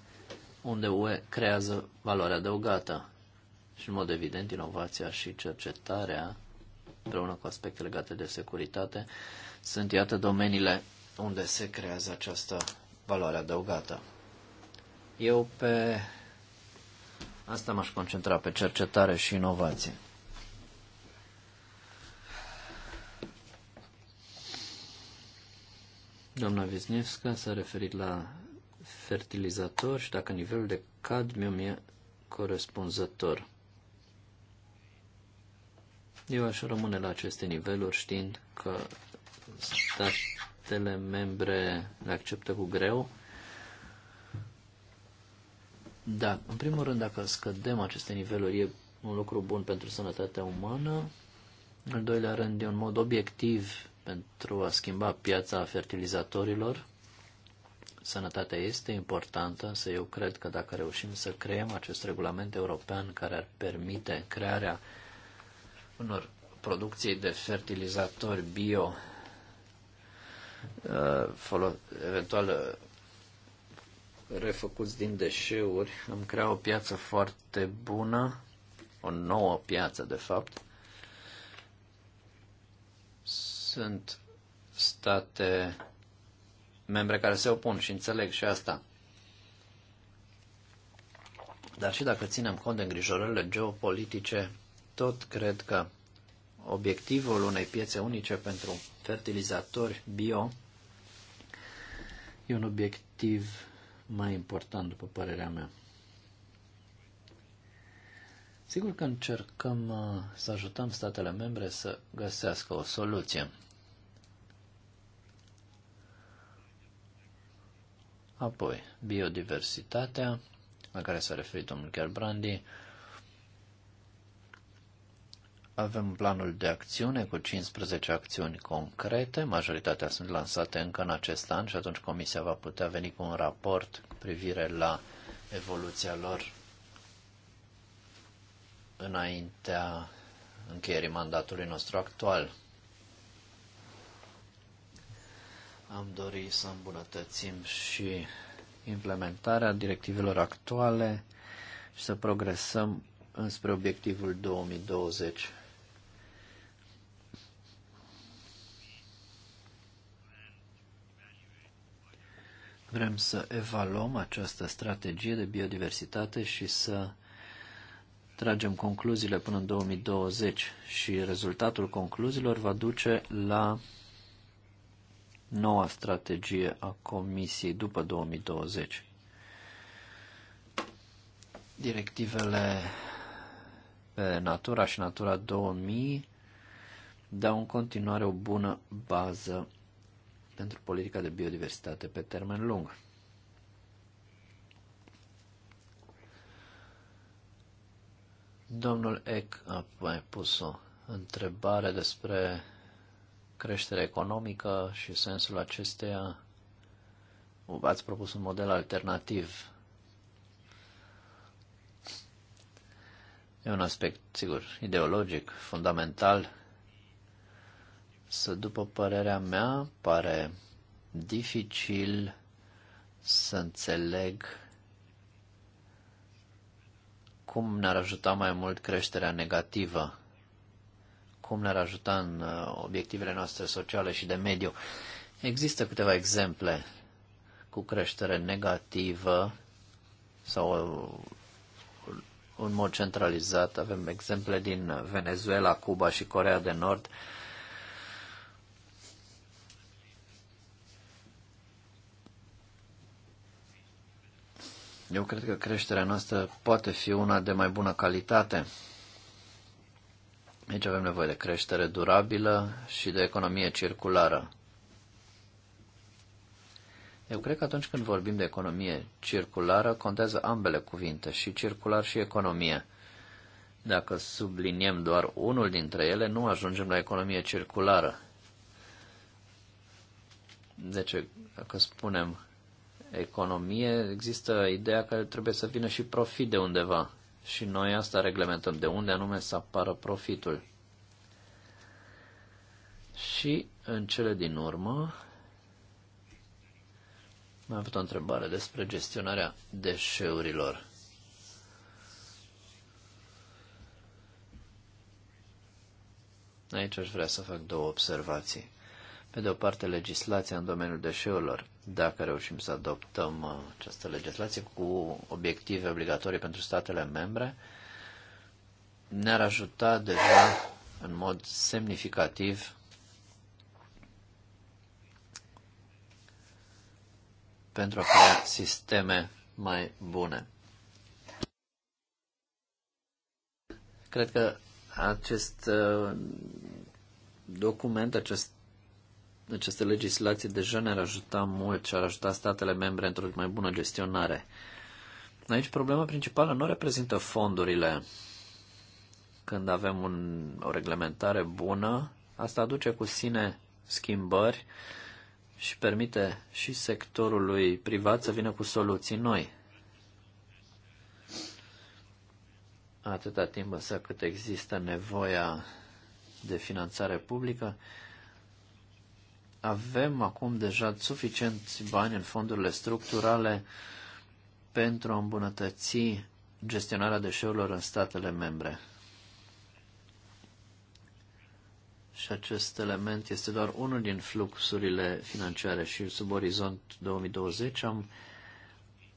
unde UE creează valoare adăugată. Și, în mod evident, inovația și cercetarea, împreună cu aspecte legate de securitate, sunt, iată, domeniile unde se creează această valoare adăugată. Eu pe asta m-aș concentra, pe cercetare și inovație. Doamna Viznevska s-a referit la fertilizator și dacă nivelul de cadmiu e corespunzător. Eu aș rămâne la aceste niveluri știind că statele membre le acceptă cu greu. Da, în primul rând, dacă scădem aceste niveluri, e un lucru bun pentru sănătatea umană. În al doilea rând, e un mod obiectiv pentru a schimba piața fertilizatorilor. Sănătatea este importantă, însă eu cred că dacă reușim să creăm acest regulament european care ar permite crearea unor producții de fertilizatori bio, uh, eventual uh, refăcuți din deșeuri, am creat o piață foarte bună, o nouă piață de fapt, sunt state membre care se opun și înțeleg și asta. Dar și dacă ținem cont de îngrijorările geopolitice, tot cred că obiectivul unei piețe unice pentru fertilizatori bio e un obiectiv mai important, după părerea mea. Sigur că încercăm uh, să ajutăm statele membre să găsească o soluție. Apoi, biodiversitatea, la care s-a referit domnul Gerbrandi. Avem planul de acțiune cu 15 acțiuni concrete, majoritatea sunt lansate încă în acest an și atunci Comisia va putea veni cu un raport cu privire la evoluția lor înaintea încheierii mandatului nostru actual. Am dorit să îmbunătățim și implementarea directivelor actuale și să progresăm înspre obiectivul 2020. Vrem să evaluăm această strategie de biodiversitate și să tragem concluziile până în 2020 și rezultatul concluziilor va duce la noua strategie a Comisiei după 2020. Directivele pe Natura și Natura 2000 dau în continuare o bună bază pentru politica de biodiversitate pe termen lung. Domnul Eck a mai pus o întrebare despre creștere economică și sensul acesteia ați propus un model alternativ. E un aspect, sigur, ideologic, fundamental, să, după părerea mea, pare dificil să înțeleg cum ne-ar ajuta mai mult creșterea negativă cum ne-ar ajuta în uh, obiectivele noastre sociale și de mediu. Există câteva exemple cu creștere negativă sau uh, în mod centralizat. Avem exemple din Venezuela, Cuba și Corea de Nord. Eu cred că creșterea noastră poate fi una de mai bună calitate. Aici avem nevoie de creștere durabilă și de economie circulară. Eu cred că atunci când vorbim de economie circulară, contează ambele cuvinte, și circular și economie. Dacă subliniem doar unul dintre ele, nu ajungem la economie circulară. Deci, dacă spunem economie, există ideea că trebuie să vină și profit de undeva și noi asta reglementăm, de unde anume să apară profitul. Și în cele din urmă, mai avut o întrebare despre gestionarea deșeurilor. Aici aș vrea să fac două observații. Pe de o parte, legislația în domeniul deșeurilor dacă reușim să adoptăm uh, această legislație cu obiective obligatorii pentru statele membre, ne-ar ajuta deja în mod semnificativ pentru a crea sisteme mai bune. Cred că acest uh, document, acest această legislație deja ne-ar ajuta mult și ar ajuta statele membre într-o mai bună gestionare. Aici problema principală nu reprezintă fondurile. Când avem un, o reglementare bună, asta aduce cu sine schimbări și permite și sectorului privat să vină cu soluții noi. Atâta timp însă cât există nevoia de finanțare publică, avem acum deja suficienți bani în fondurile structurale pentru a îmbunătăți gestionarea deșeurilor în statele membre. Și acest element este doar unul din fluxurile financiare și sub orizont 2020 am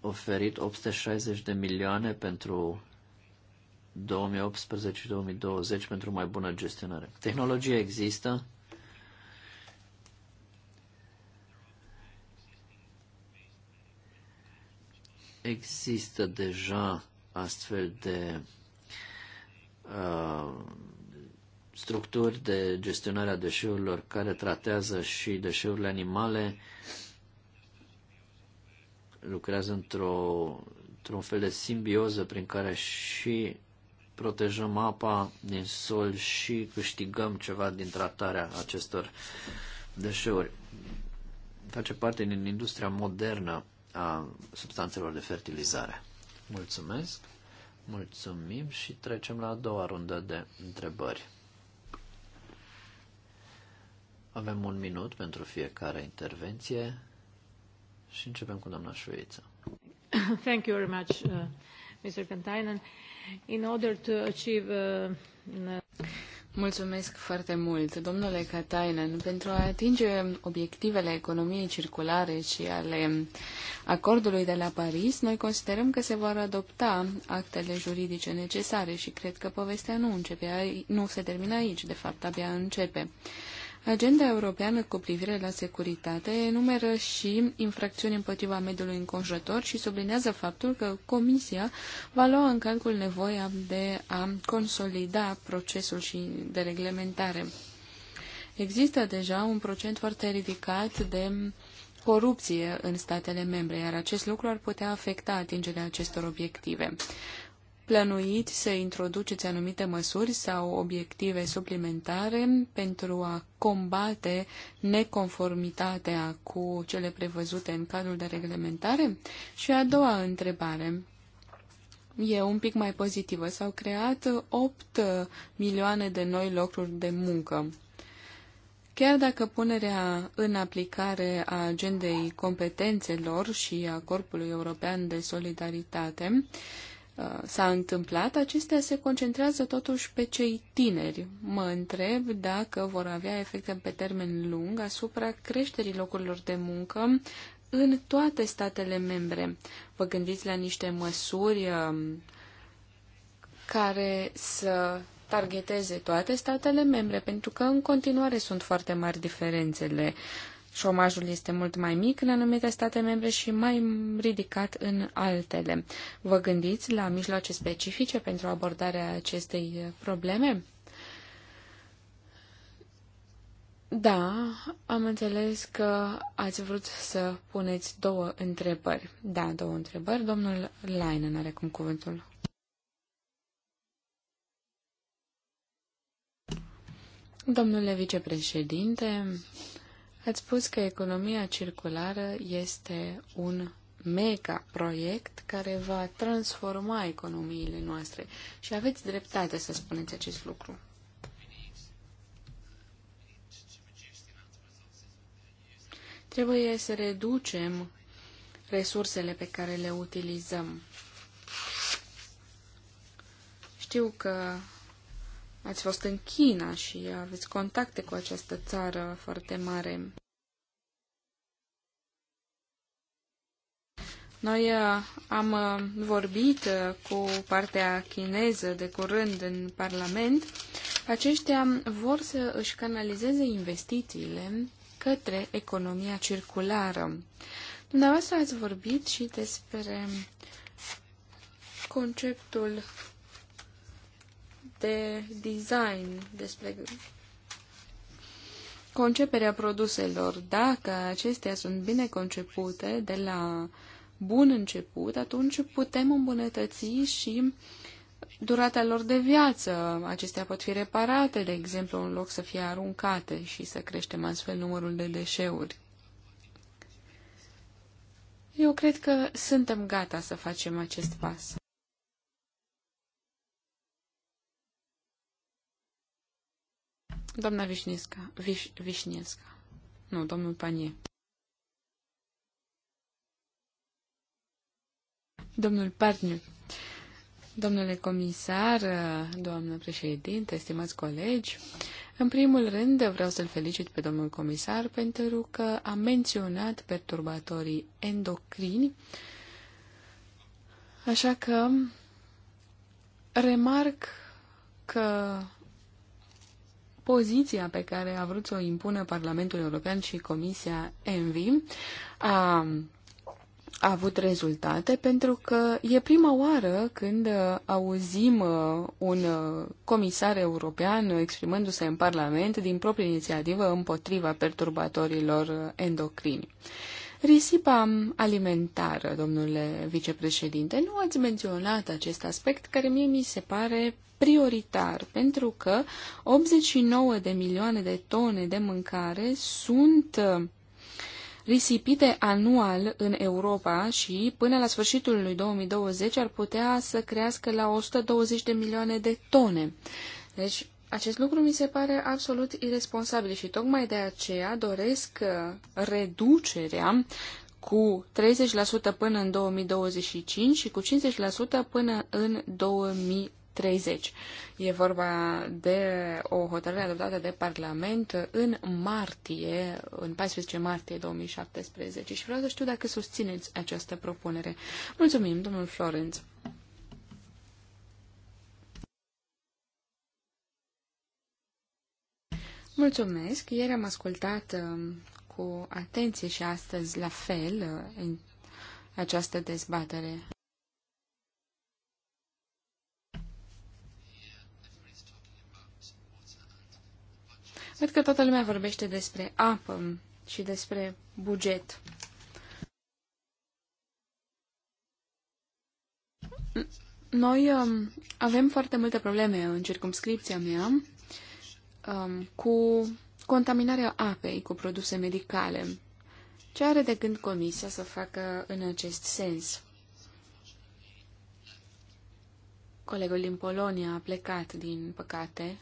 oferit 860 de milioane pentru 2018-2020 pentru mai bună gestionare. Tehnologia există, Există deja astfel de uh, structuri de gestionare a deșeurilor care tratează și deșeurile animale, lucrează într-o, într-un fel de simbioză prin care și protejăm apa din sol și câștigăm ceva din tratarea acestor deșeuri. Face parte din industria modernă a substanțelor de fertilizare. Mulțumesc! Mulțumim și trecem la a doua rundă de întrebări. Avem un minut pentru fiecare intervenție și începem cu doamna Șuiță. *coughs* Thank you very much, uh, Mr. Kantainen. In order to achieve uh, Mulțumesc foarte mult, domnule Katainen. Pentru a atinge obiectivele economiei circulare și ale acordului de la Paris, noi considerăm că se vor adopta actele juridice necesare și cred că povestea nu, începe, nu se termină aici, de fapt abia începe. Agenda europeană cu privire la securitate enumeră și infracțiuni împotriva mediului înconjurător și sublinează faptul că Comisia va lua în calcul nevoia de a consolida procesul și de reglementare. Există deja un procent foarte ridicat de corupție în statele membre, iar acest lucru ar putea afecta atingerea acestor obiective plănuiți să introduceți anumite măsuri sau obiective suplimentare pentru a combate neconformitatea cu cele prevăzute în cadrul de reglementare? Și a doua întrebare e un pic mai pozitivă. S-au creat 8 milioane de noi locuri de muncă. Chiar dacă punerea în aplicare a agendei competențelor și a Corpului European de Solidaritate Uh, s-a întâmplat, acestea se concentrează totuși pe cei tineri. Mă întreb dacă vor avea efecte pe termen lung asupra creșterii locurilor de muncă în toate statele membre. Vă gândiți la niște măsuri um, care să targeteze toate statele membre, pentru că în continuare sunt foarte mari diferențele. Șomajul este mult mai mic în anumite state membre și mai ridicat în altele. Vă gândiți la mijloace specifice pentru abordarea acestei probleme? Da, am înțeles că ați vrut să puneți două întrebări. Da, două întrebări. Domnul Leinen are cum cuvântul. Domnule vicepreședinte, Ați spus că economia circulară este un mega proiect care va transforma economiile noastre și aveți dreptate să spuneți acest lucru. Trebuie să reducem resursele pe care le utilizăm. Știu că Ați fost în China și aveți contacte cu această țară foarte mare. Noi uh, am uh, vorbit uh, cu partea chineză de curând în Parlament. Aceștia vor să își canalizeze investițiile către economia circulară. Dumneavoastră ați vorbit și despre conceptul de design, despre conceperea produselor. Dacă acestea sunt bine concepute de la bun început, atunci putem îmbunătăți și durata lor de viață. Acestea pot fi reparate, de exemplu, în loc să fie aruncate și să creștem astfel numărul de deșeuri. Eu cred că suntem gata să facem acest pas. Doamna Vișniesca. Viș, Vișniesca. Nu, domnul Panie. Domnul Parniu. Domnule comisar, doamnă președinte, stimați colegi, în primul rând vreau să-l felicit pe domnul comisar pentru că a menționat perturbatorii endocrini, așa că remarc că poziția pe care a vrut să o impună Parlamentul European și Comisia ENVI a a avut rezultate pentru că e prima oară când uh, auzim uh, un uh, comisar european exprimându-se în Parlament din proprie inițiativă împotriva perturbatorilor endocrini. Risipa alimentară, domnule vicepreședinte, nu ați menționat acest aspect care mie mi se pare prioritar, pentru că 89 de milioane de tone de mâncare sunt uh, risipite anual în Europa și până la sfârșitul lui 2020 ar putea să crească la 120 de milioane de tone. Deci, acest lucru mi se pare absolut irresponsabil și tocmai de aceea doresc uh, reducerea cu 30% până în 2025 și cu 50% până în 2030. 30. E vorba de o hotărâre adoptată de Parlament în martie, în 14 martie 2017 și vreau să știu dacă susțineți această propunere. Mulțumim, domnul Florenț. Mulțumesc. Ieri am ascultat um, cu atenție și astăzi la fel uh, în această dezbatere. Cred că toată lumea vorbește despre apă și despre buget. Noi um, avem foarte multe probleme în circumscripția mea um, cu contaminarea apei cu produse medicale. Ce are de gând Comisia să facă în acest sens? Colegul din Polonia a plecat, din păcate,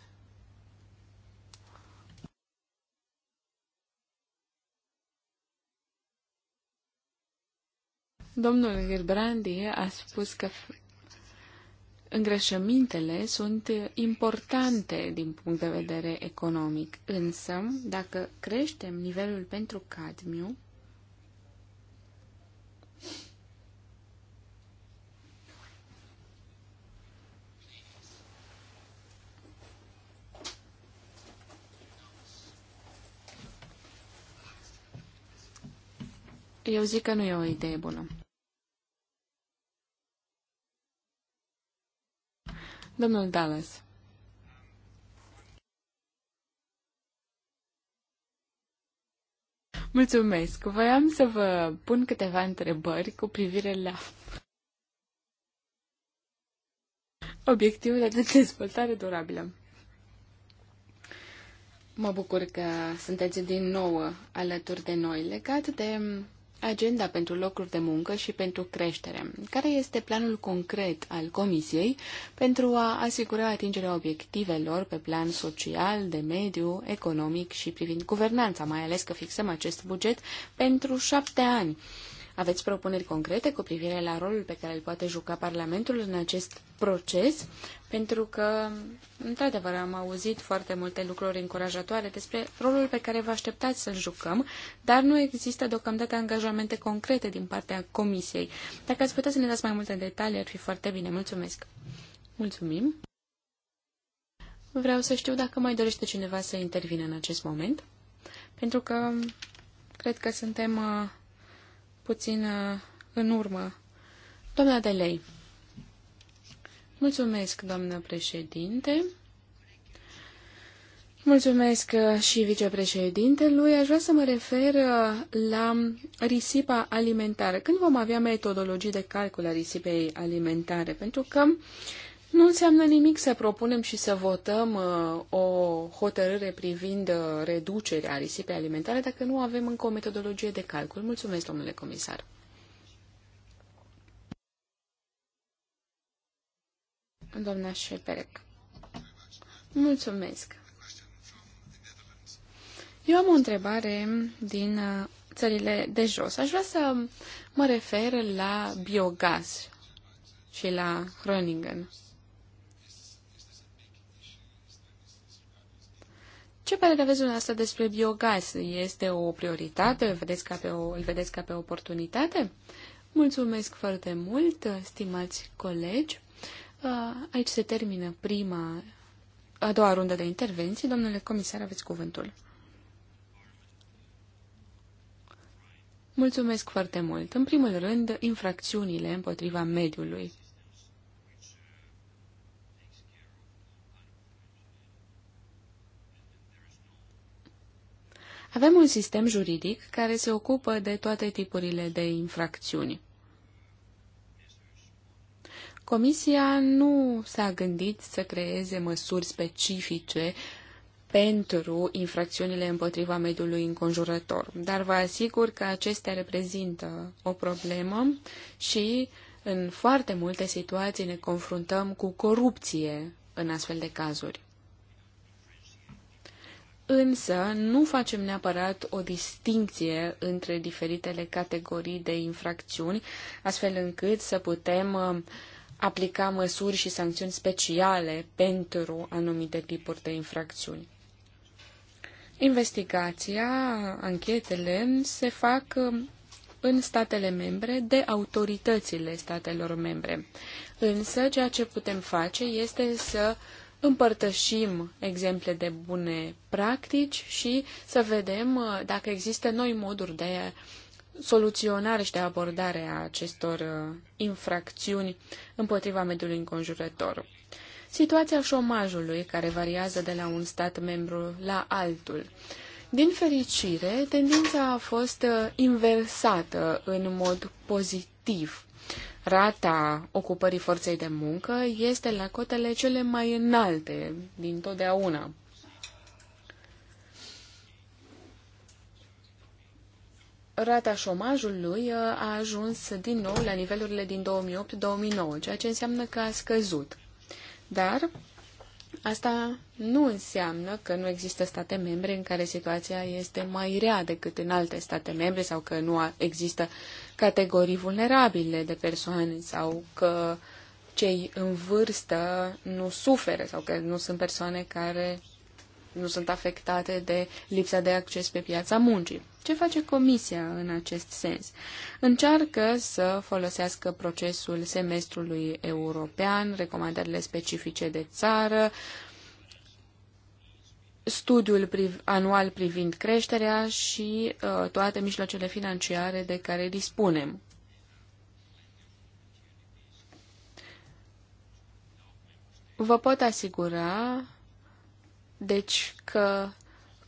Domnul Gilbrandi a spus că Îngrășămintele sunt importante din punct de vedere economic, însă dacă creștem nivelul pentru cadmiu, eu zic că nu e o idee bună. Domnul Dallas. Mulțumesc. Voiam să vă pun câteva întrebări cu privire la obiectivele de dezvoltare durabilă. Mă bucur că sunteți din nou alături de noi legat de agenda pentru locuri de muncă și pentru creștere. Care este planul concret al Comisiei pentru a asigura atingerea obiectivelor pe plan social, de mediu, economic și privind guvernanța, mai ales că fixăm acest buget pentru șapte ani? Aveți propuneri concrete cu privire la rolul pe care îl poate juca Parlamentul în acest proces? pentru că, într-adevăr, am auzit foarte multe lucruri încurajatoare despre rolul pe care vă așteptați să-l jucăm, dar nu există deocamdată angajamente concrete din partea Comisiei. Dacă ați putea să ne dați mai multe detalii, ar fi foarte bine. Mulțumesc! Mulțumim! Vreau să știu dacă mai dorește cineva să intervină în acest moment, pentru că cred că suntem uh, puțin uh, în urmă. Doamna Delei. Mulțumesc, doamnă președinte. Mulțumesc uh, și vicepreședintelui. Aș vrea să mă refer uh, la risipa alimentară. Când vom avea metodologii de calcul a risipei alimentare? Pentru că nu înseamnă nimic să propunem și să votăm uh, o hotărâre privind reducerea risipei alimentare dacă nu avem încă o metodologie de calcul. Mulțumesc, domnule comisar. doamna Șeperec. Mulțumesc. Eu am o întrebare din uh, țările de jos. Aș vrea să mă refer la biogaz și la Groningen. Ce părere aveți dumneavoastră despre biogaz? Este o prioritate? Îl vedeți ca pe o, îl vedeți ca pe o oportunitate? Mulțumesc foarte mult, stimați colegi. Aici se termină prima, a doua rundă de intervenții. Domnule comisar, aveți cuvântul. Mulțumesc foarte mult. În primul rând, infracțiunile împotriva mediului. Avem un sistem juridic care se ocupă de toate tipurile de infracțiuni. Comisia nu s-a gândit să creeze măsuri specifice pentru infracțiunile împotriva mediului înconjurător, dar vă asigur că acestea reprezintă o problemă și în foarte multe situații ne confruntăm cu corupție în astfel de cazuri. Însă nu facem neapărat o distinție între diferitele categorii de infracțiuni, astfel încât să putem uh, aplica măsuri și sancțiuni speciale pentru anumite tipuri de infracțiuni. Investigația, anchetele se fac um, în statele membre de autoritățile statelor membre. Însă, ceea ce putem face este să împărtășim exemple de bune practici și să vedem uh, dacă există noi moduri de soluționare și de abordare a acestor uh, infracțiuni împotriva mediului înconjurător. Situația șomajului, care variază de la un stat membru la altul. Din fericire, tendința a fost uh, inversată în mod pozitiv. Rata ocupării forței de muncă este la cotele cele mai înalte din totdeauna, rata șomajului uh, a ajuns din nou la nivelurile din 2008-2009, ceea ce înseamnă că a scăzut. Dar asta nu înseamnă că nu există state membre în care situația este mai rea decât în alte state membre sau că nu există categorii vulnerabile de persoane sau că cei în vârstă nu suferă sau că nu sunt persoane care nu sunt afectate de lipsa de acces pe piața muncii. Ce face Comisia în acest sens? Încearcă să folosească procesul semestrului european, recomandările specifice de țară, studiul priv anual privind creșterea și uh, toate mijloacele financiare de care dispunem. Vă pot asigura deci că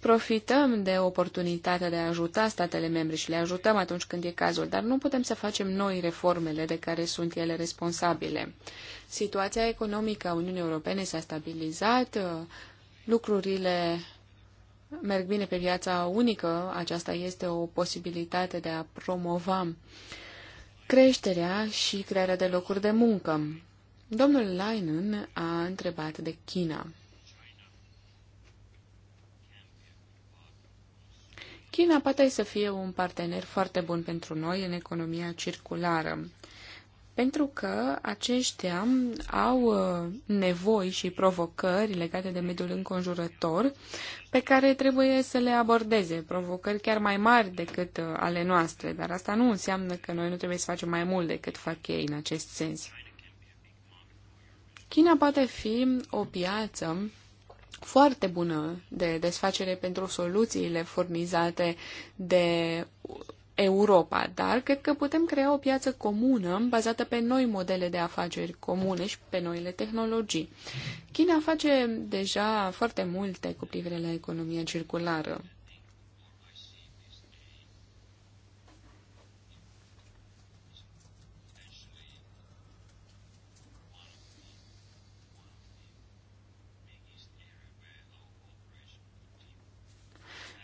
profităm de oportunitatea de a ajuta statele membre și le ajutăm atunci când e cazul, dar nu putem să facem noi reformele de care sunt ele responsabile. Situația economică a Uniunii Europene s-a stabilizat, lucrurile merg bine pe piața unică, aceasta este o posibilitate de a promova creșterea și crearea de locuri de muncă. Domnul Leinen a întrebat de China. China poate să fie un partener foarte bun pentru noi în economia circulară, pentru că aceștia au uh, nevoi și provocări legate de mediul înconjurător pe care trebuie să le abordeze, provocări chiar mai mari decât uh, ale noastre, dar asta nu înseamnă că noi nu trebuie să facem mai mult decât fac ei în acest sens. China poate fi o piață foarte bună de desfacere pentru soluțiile furnizate de Europa, dar cred că putem crea o piață comună bazată pe noi modele de afaceri comune și pe noile tehnologii. China face deja foarte multe cu privire la economia circulară.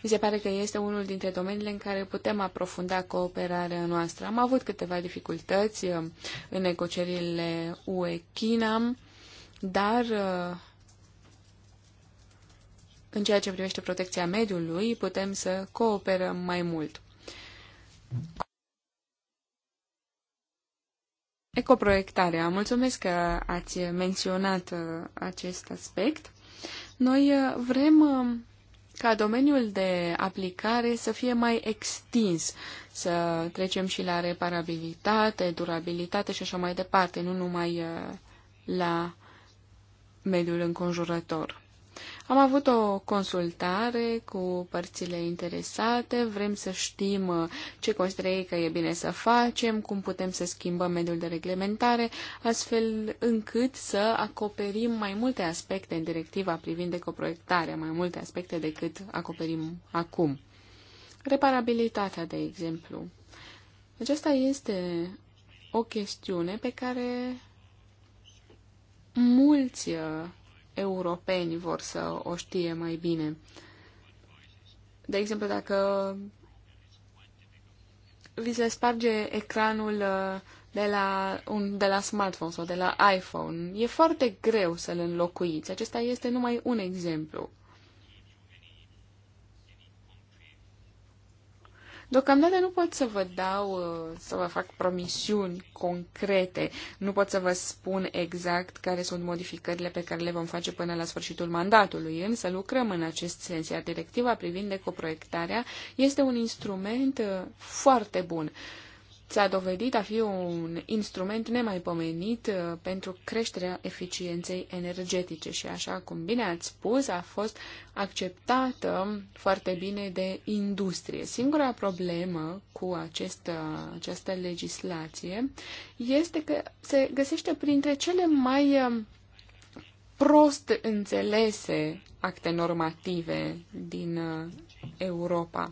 Mi se pare că este unul dintre domeniile în care putem aprofunda cooperarea noastră. Am avut câteva dificultăți uh, în negocierile UE-China, dar uh, în ceea ce privește protecția mediului putem să cooperăm mai mult. Ecoproiectarea. Mulțumesc că ați menționat uh, acest aspect. Noi vrem ca domeniul de aplicare să fie mai extins, să trecem și la reparabilitate, durabilitate și așa mai departe, nu numai uh, la mediul înconjurător. Am avut o consultare cu părțile interesate, vrem să știm uh, ce consideră ei că e bine să facem, cum putem să schimbăm mediul de reglementare, astfel încât să acoperim mai multe aspecte în directiva privind ecoproiectarea, mai multe aspecte decât acoperim acum. Reparabilitatea, de exemplu. Aceasta este o chestiune pe care mulți uh, europeni vor să o știe mai bine. De exemplu, dacă vi se sparge ecranul uh, de la, un, de la smartphone sau de la iPhone, e foarte greu să-l înlocuiți. Acesta este numai un exemplu. Deocamdată nu pot să vă dau, uh, să vă fac promisiuni concrete, nu pot să vă spun exact care sunt modificările pe care le vom face până la sfârșitul mandatului, însă lucrăm în acest sens, iar directiva privind ecoproiectarea este un instrument uh, foarte bun s-a dovedit a fi un instrument nemaipomenit uh, pentru creșterea eficienței energetice și, așa cum bine ați spus, a fost acceptată foarte bine de industrie. Singura problemă cu acest, uh, această legislație este că se găsește printre cele mai uh, prost înțelese acte normative din Europa.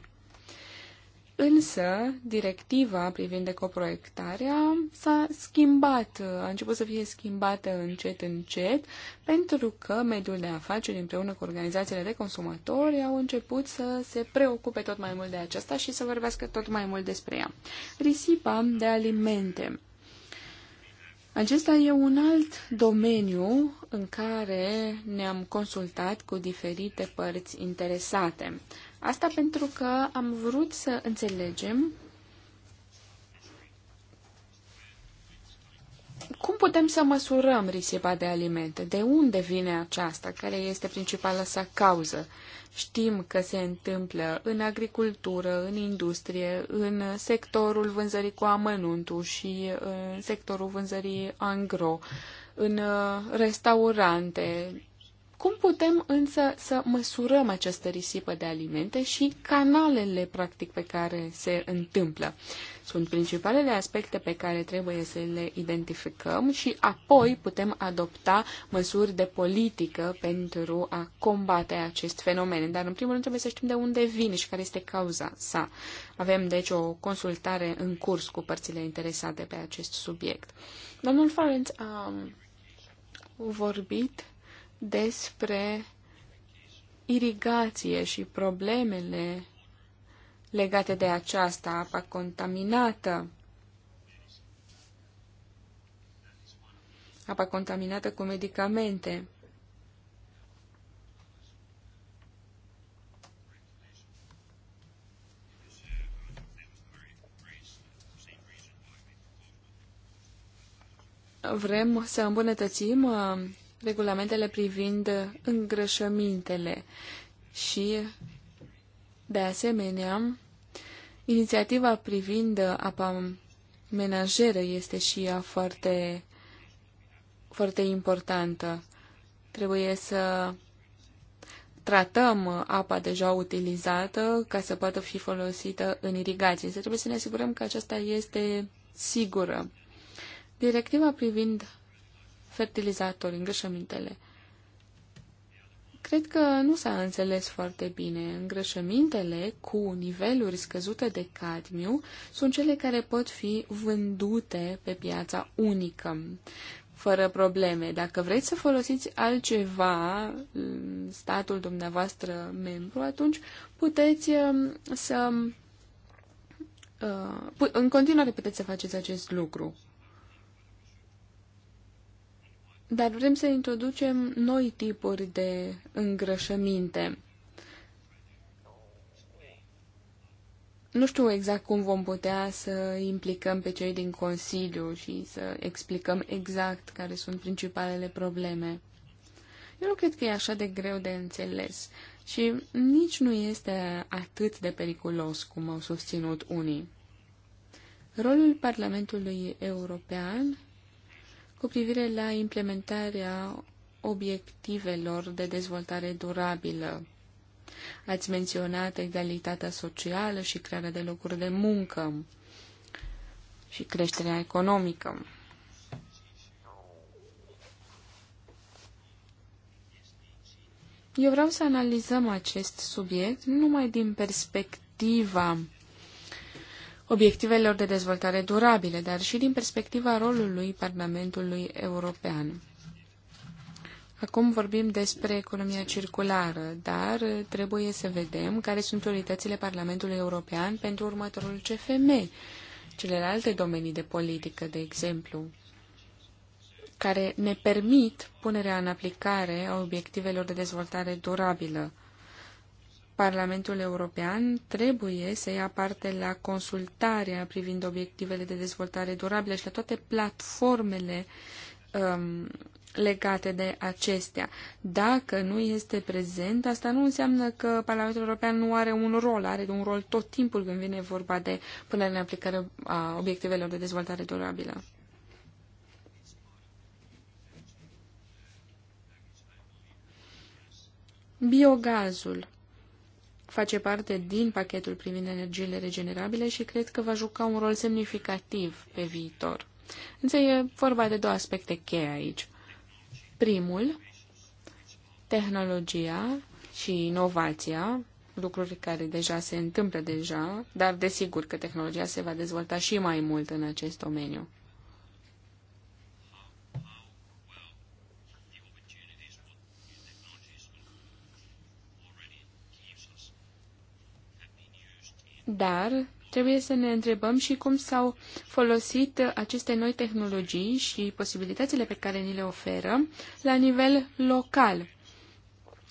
Însă, directiva privind ecoproiectarea s-a schimbat, a început să fie schimbată încet, încet, pentru că mediul de afaceri împreună cu organizațiile de consumatori au început să se preocupe tot mai mult de aceasta și să vorbească tot mai mult despre ea. Risipa de alimente. Acesta e un alt domeniu în care ne-am consultat cu diferite părți interesate. Asta pentru că am vrut să înțelegem cum putem să măsurăm risipa de alimente? De unde vine aceasta? Care este principala sa cauză? Știm că se întâmplă în agricultură, în industrie, în sectorul vânzării cu amănuntul și în sectorul vânzării angro, în uh, restaurante, cum putem însă să măsurăm această risipă de alimente și canalele, practic, pe care se întâmplă? Sunt principalele aspecte pe care trebuie să le identificăm și apoi putem adopta măsuri de politică pentru a combate acest fenomen. Dar, în primul rând, trebuie să știm de unde vine și care este cauza sa. Avem, deci, o consultare în curs cu părțile interesate pe acest subiect. Domnul Florenț a vorbit despre irigație și problemele legate de aceasta, apa contaminată. Apa contaminată cu medicamente. Vrem să îmbunătățim uh, regulamentele privind îngrășămintele și, de asemenea, inițiativa privind apa menajeră este și ea foarte, foarte importantă. Trebuie să tratăm apa deja utilizată ca să poată fi folosită în irigație. Să trebuie să ne asigurăm că aceasta este sigură. Directiva privind fertilizator, îngrășămintele. Cred că nu s-a înțeles foarte bine. Îngrășămintele cu niveluri scăzute de cadmiu sunt cele care pot fi vândute pe piața unică, fără probleme. Dacă vreți să folosiți altceva mm, statul dumneavoastră membru, atunci puteți mm, să... Mm, uh, în continuare puteți să faceți acest lucru. Dar vrem să introducem noi tipuri de îngrășăminte. Nu știu exact cum vom putea să implicăm pe cei din Consiliu și să explicăm exact care sunt principalele probleme. Eu nu cred că e așa de greu de înțeles și nici nu este atât de periculos cum au susținut unii. Rolul Parlamentului European cu privire la implementarea obiectivelor de dezvoltare durabilă. Ați menționat egalitatea socială și crearea de locuri de muncă și creșterea economică. Eu vreau să analizăm acest subiect numai din perspectiva obiectivelor de dezvoltare durabile, dar și din perspectiva rolului Parlamentului European. Acum vorbim despre economia circulară, dar trebuie să vedem care sunt prioritățile Parlamentului European pentru următorul CFM, celelalte domenii de politică, de exemplu, care ne permit punerea în aplicare a obiectivelor de dezvoltare durabilă. Parlamentul European trebuie să ia parte la consultarea privind obiectivele de dezvoltare durabilă și la toate platformele um, legate de acestea. Dacă nu este prezent, asta nu înseamnă că Parlamentul European nu are un rol, are un rol tot timpul când vine vorba de punerea în aplicare a obiectivelor de dezvoltare durabilă. Biogazul face parte din pachetul privind energiile regenerabile și cred că va juca un rol semnificativ pe viitor. Însă e vorba de două aspecte cheie aici. Primul, tehnologia și inovația, lucruri care deja se întâmplă deja, dar desigur că tehnologia se va dezvolta și mai mult în acest domeniu. dar trebuie să ne întrebăm și cum s-au folosit aceste noi tehnologii și posibilitățile pe care ni le oferă la nivel local.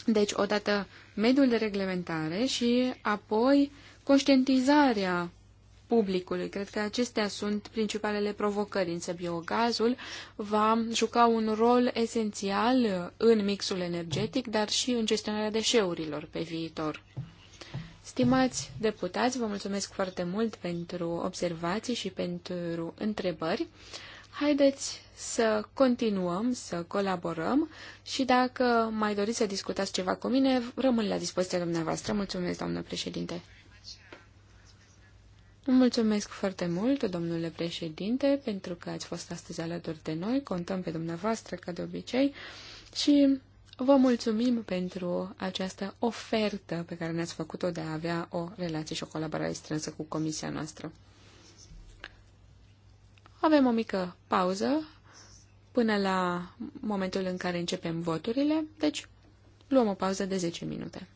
Deci, odată mediul de reglementare și apoi conștientizarea publicului. Cred că acestea sunt principalele provocări, însă biogazul va juca un rol esențial în mixul energetic, dar și în gestionarea deșeurilor pe viitor. Stimați deputați, vă mulțumesc foarte mult pentru observații și pentru întrebări. Haideți să continuăm, să colaborăm și dacă mai doriți să discutați ceva cu mine, rămân la dispoziția dumneavoastră. Mulțumesc, doamnă președinte. Mulțumesc foarte mult, domnule președinte, pentru că ați fost astăzi alături de noi. Contăm pe dumneavoastră, ca de obicei, și Vă mulțumim pentru această ofertă pe care ne-ați făcut-o de a avea o relație și o colaborare strânsă cu comisia noastră. Avem o mică pauză până la momentul în care începem voturile, deci luăm o pauză de 10 minute.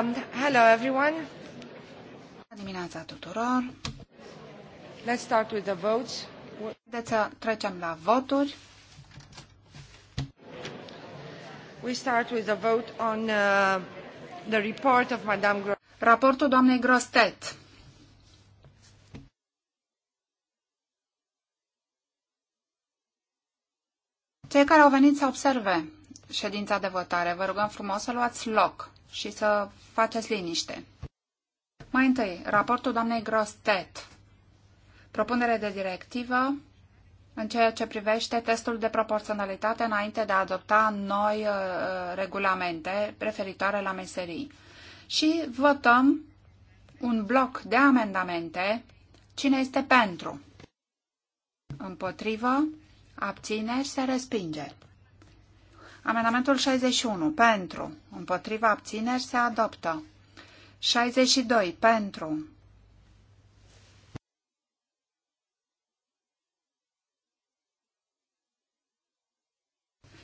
Um, hello everyone. Dimineața tuturor. Let's start with the votes. Haideți să trecem la voturi. We start with the vote on uh, the report of Madame Gros Raportul doamnei Grostet. Cei care au venit să observe ședința de votare, vă rugăm frumos să luați loc și să faceți liniște. Mai întâi, raportul doamnei Grostet. Propunere de directivă în ceea ce privește testul de proporționalitate înainte de a adopta noi uh, regulamente referitoare la meserii. Și votăm un bloc de amendamente. Cine este pentru? Împotrivă? Abțineri? Se respinge. Amendamentul 61. Pentru. Împotriva abțineri se adoptă. 62. Pentru.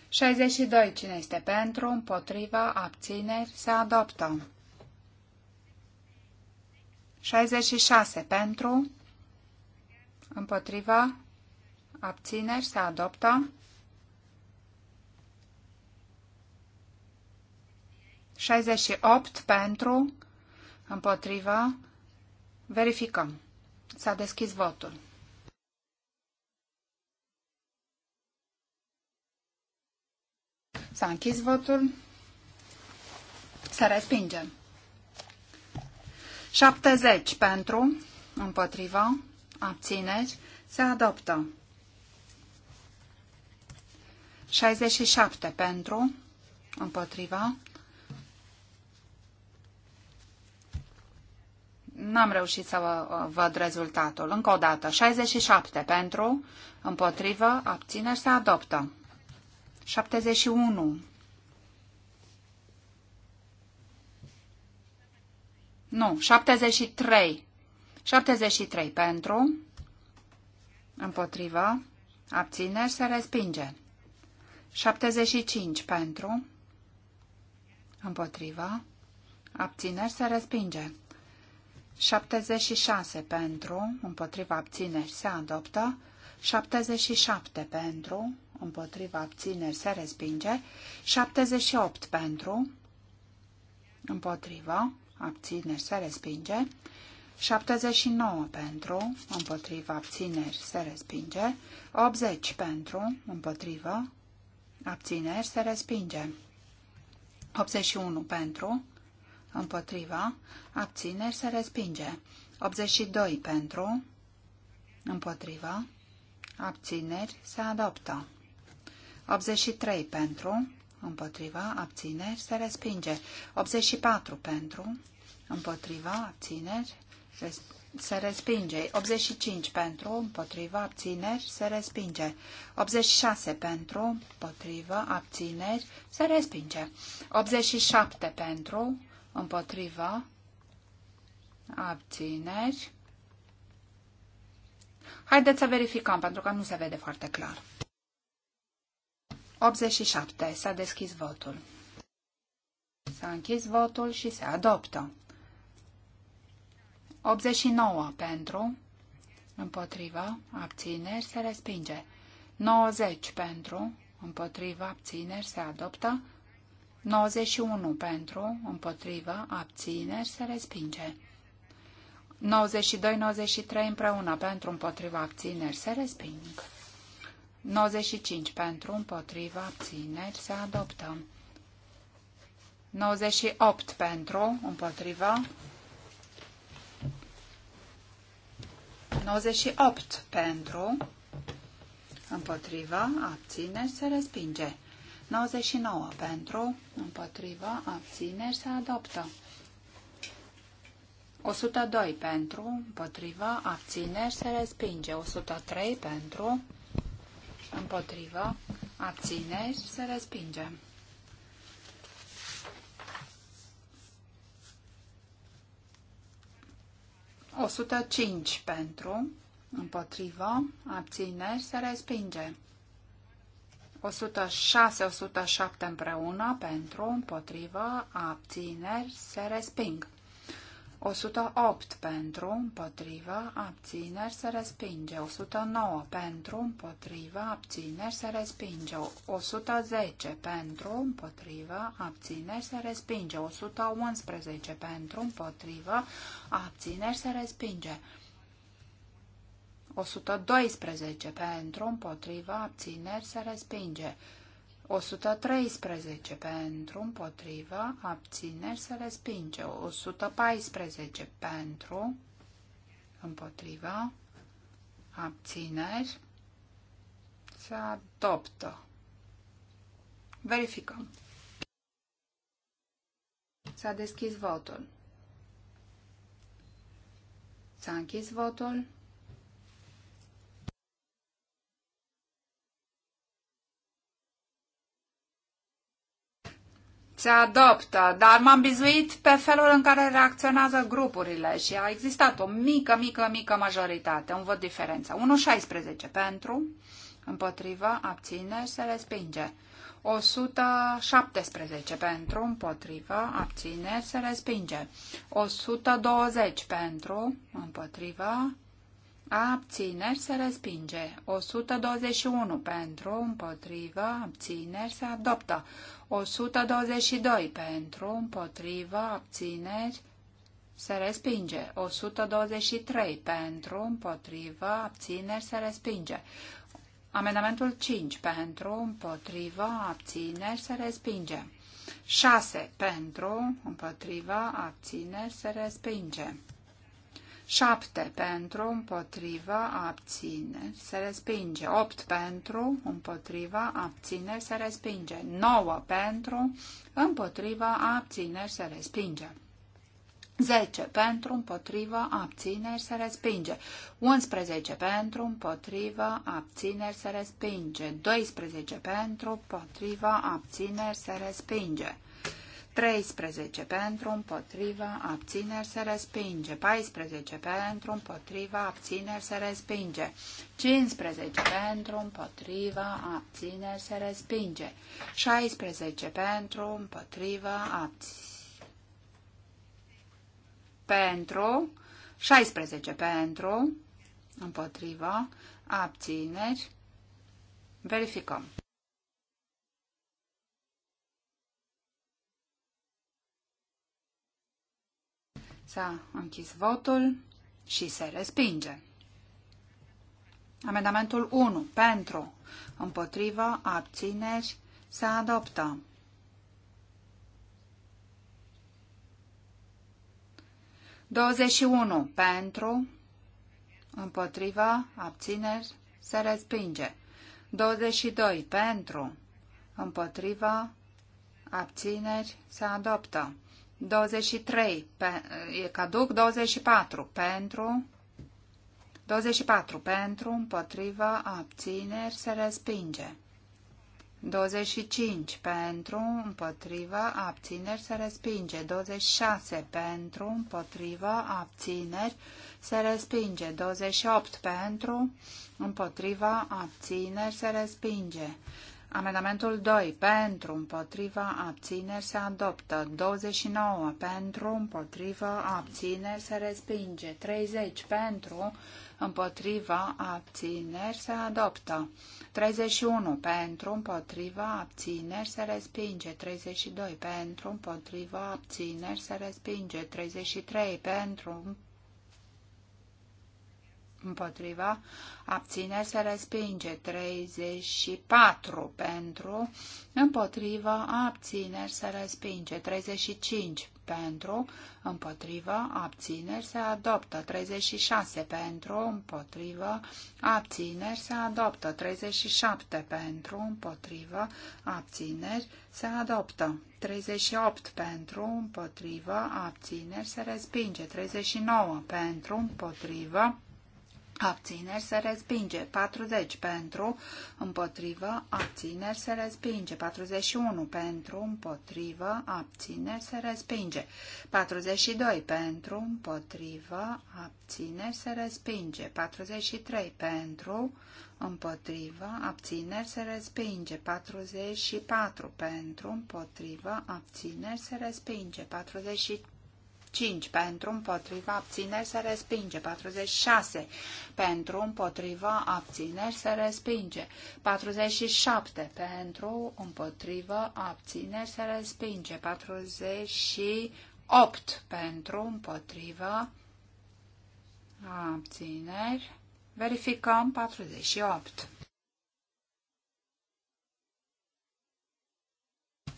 Șaizeci doi. Cine este pentru, împotriva, abțineri, se adoptă. Șaizeci și șase. Pentru, împotriva, abțineri, se adoptă. 68 pentru, împotriva, verificăm. S-a deschis votul. S-a închis votul. Să respingem. 70 pentru, împotriva, abțineți, se adoptă. 67 pentru, împotriva, N-am reușit să văd rezultatul. Încă o dată. 67 pentru, împotrivă, abțineri se adoptă. 71. Nu, 73. 73 pentru, împotrivă, abțineri se respinge. 75 pentru, împotrivă, abțineri se respinge. 76 pentru, împotriva abțineri se adoptă, 77 pentru, împotriva abțineri se respinge, 78 pentru, împotriva abțineri se respinge, 79 pentru, împotriva abțineri se respinge, 80 pentru, împotriva abțineri se respinge, 81 pentru, împotriva, abțineri se respinge. 82 pentru, împotriva, abțineri se adoptă. 83 pentru, împotriva, abțineri se respinge. 84 pentru, împotriva, abțineri se respinge. 85 pentru, împotriva, abțineri, se respinge. 86 pentru, împotriva, abțineri, se respinge. 87 pentru, împotriva, abțineri. Haideți să verificăm, pentru că nu se vede foarte clar. 87. S-a deschis votul. S-a închis votul și se adoptă. 89 pentru, împotriva, abțineri, se respinge. 90 pentru, împotriva, abțineri, se adoptă. 91 pentru, împotrivă, abțineri, se respinge. 92-93 împreună pentru, împotriva, abțineri, se resping. 95 pentru, împotriva, abțineri, se adoptă. 98 pentru, împotriva. 98 pentru, împotriva, abțineri, se respinge. 99 pentru, împotrivă, abțineri, se adoptă. 102 pentru, împotrivă, abțineri, se respinge. 103 pentru, împotrivă, abțineri, se respinge. O sută cinci pentru, împotrivă, abțineri, se respinge. 106-107 împreună pentru, împotrivă, abțineri, se resping. 108 pentru, împotrivă, abțineri, se respinge. 109 pentru, împotrivă, abțineri, se respinge. 110 pentru, împotrivă, abțineri, se respinge. 111 pentru, împotrivă, abțineri, se respinge. 112 pentru, împotriva, abțineri, se respinge. 113 pentru, împotriva, abțineri, se respinge. 114 pentru, împotriva, abțineri, se adoptă. Verificăm. S-a deschis votul. S-a închis votul. Se adoptă, dar m-am bizuit pe felul în care reacționează grupurile și a existat o mică, mică, mică majoritate, un vot diferență. 1,16 pentru, împotrivă, abține, se respinge. 117 pentru, împotrivă, abține, se respinge. 120 pentru, împotrivă, Abțineri se respinge. 121 pentru, împotrivă, abțineri se adoptă. 122 pentru, împotrivă, abțineri se respinge. 123 pentru, împotrivă, abțineri se respinge. Amendamentul 5 pentru, împotrivă, abțineri se respinge. 6 pentru, împotrivă, abțineri se respinge. 7 pentru, împotriva, abțineri, se respinge. 8 pentru, împotriva, abțineri, se respinge. 9 pentru, împotriva, abțineri, se respinge. 10 pentru, împotriva, abțineri, se respinge. 11 pentru, împotriva, abțineri, se respinge. 12 pentru, împotriva, abțineri, se respinge. 13 pentru, împotriva, abțineri se respinge. 14 pentru, împotriva, abțineri se respinge. 15 pentru, împotriva, abțineri se respinge. 16 pentru, împotriva, abțineri. Pentru, 16 pentru, împotriva, abțineri. Verificăm. S-a închis votul și se respinge. Amendamentul 1. Pentru. Împotrivă. Abțineri. Se adoptă. Douăzeci și unu. Pentru. Împotrivă. Abțineri. Se respinge. doi Pentru. Împotrivă. Abțineri. Se adoptă. 23 pe, e caduc, 24 pentru, 24 pentru, împotriva, abțineri, se respinge. 25 pentru, împotriva, abțineri, se respinge. 26 pentru, împotriva, abțineri, se respinge. 28 pentru, împotriva, abțineri, se respinge. Amendamentul 2. Pentru, împotriva, abțineri se adoptă. 29. Pentru, împotriva, abțineri se respinge. 30. Pentru, împotriva, abțineri se adoptă. 31. Pentru, împotriva, abțineri se respinge. 32. Pentru, împotriva, abțineri se respinge. 33. Pentru, împotriva, abține se respinge, 34 pentru, împotriva, abține se respinge, 35 pentru, împotriva, abține se adoptă, 36 pentru, împotriva, abține se adoptă, 37 pentru, împotriva, abține se adoptă, 38 pentru, împotriva, abține se respinge, 39 pentru, împotriva, Abțineri se respinge. 40 pentru, împotrivă, abțineri se respinge. 41 pentru, împotrivă, abțineri se respinge. 42 pentru, împotrivă, abțineri se respinge. 43 pentru, împotrivă, abțineri se respinge. 44 pentru, împotrivă, abțineri se respinge. 45 45 pentru împotriva abțineri se respinge. 46 pentru împotriva abțineri se respinge. 47 pentru împotriva abțineri se respinge. 48 pentru împotriva abțineri. Verificăm 48.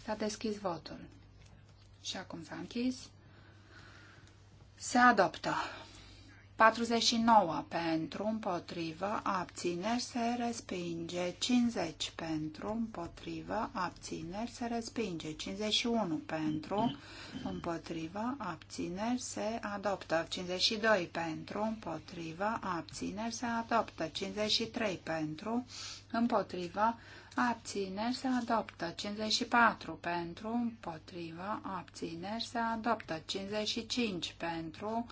S-a deschis votul. Și acum s-a închis. Se adoptă. 49 pentru, împotrivă, abțineri, se respinge. 50 pentru, împotrivă, abțineri, se respinge. 51 pentru, împotrivă, abțineri, se adoptă. 52 pentru, împotrivă, abțineri, se adoptă. 53 pentru, împotrivă, abțineri se adoptă. 54 pentru, împotrivă, abțineri se adoptă. 55 pentru,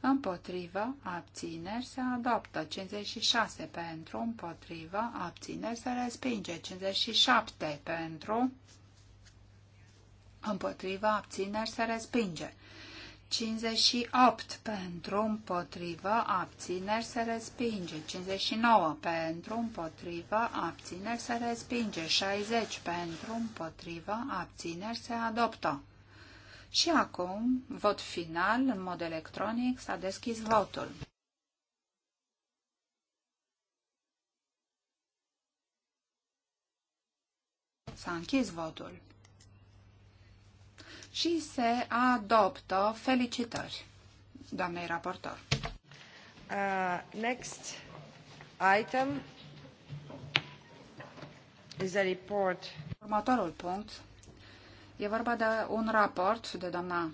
împotrivă, abțineri se adoptă. 56 pentru, împotrivă, abțineri se respinge. 57 pentru, împotrivă, abțineri se respinge. 58 pentru, împotrivă, abțineri se respinge. 59 pentru, împotrivă, abțineri se respinge. 60 pentru, împotrivă, abțineri se adoptă. Și acum, vot final, în mod electronic, s-a deschis votul. S-a închis votul și se adoptă. Felicitări, doamnei raportor. Uh, next item is a report. Următorul punct e vorba de un raport de doamna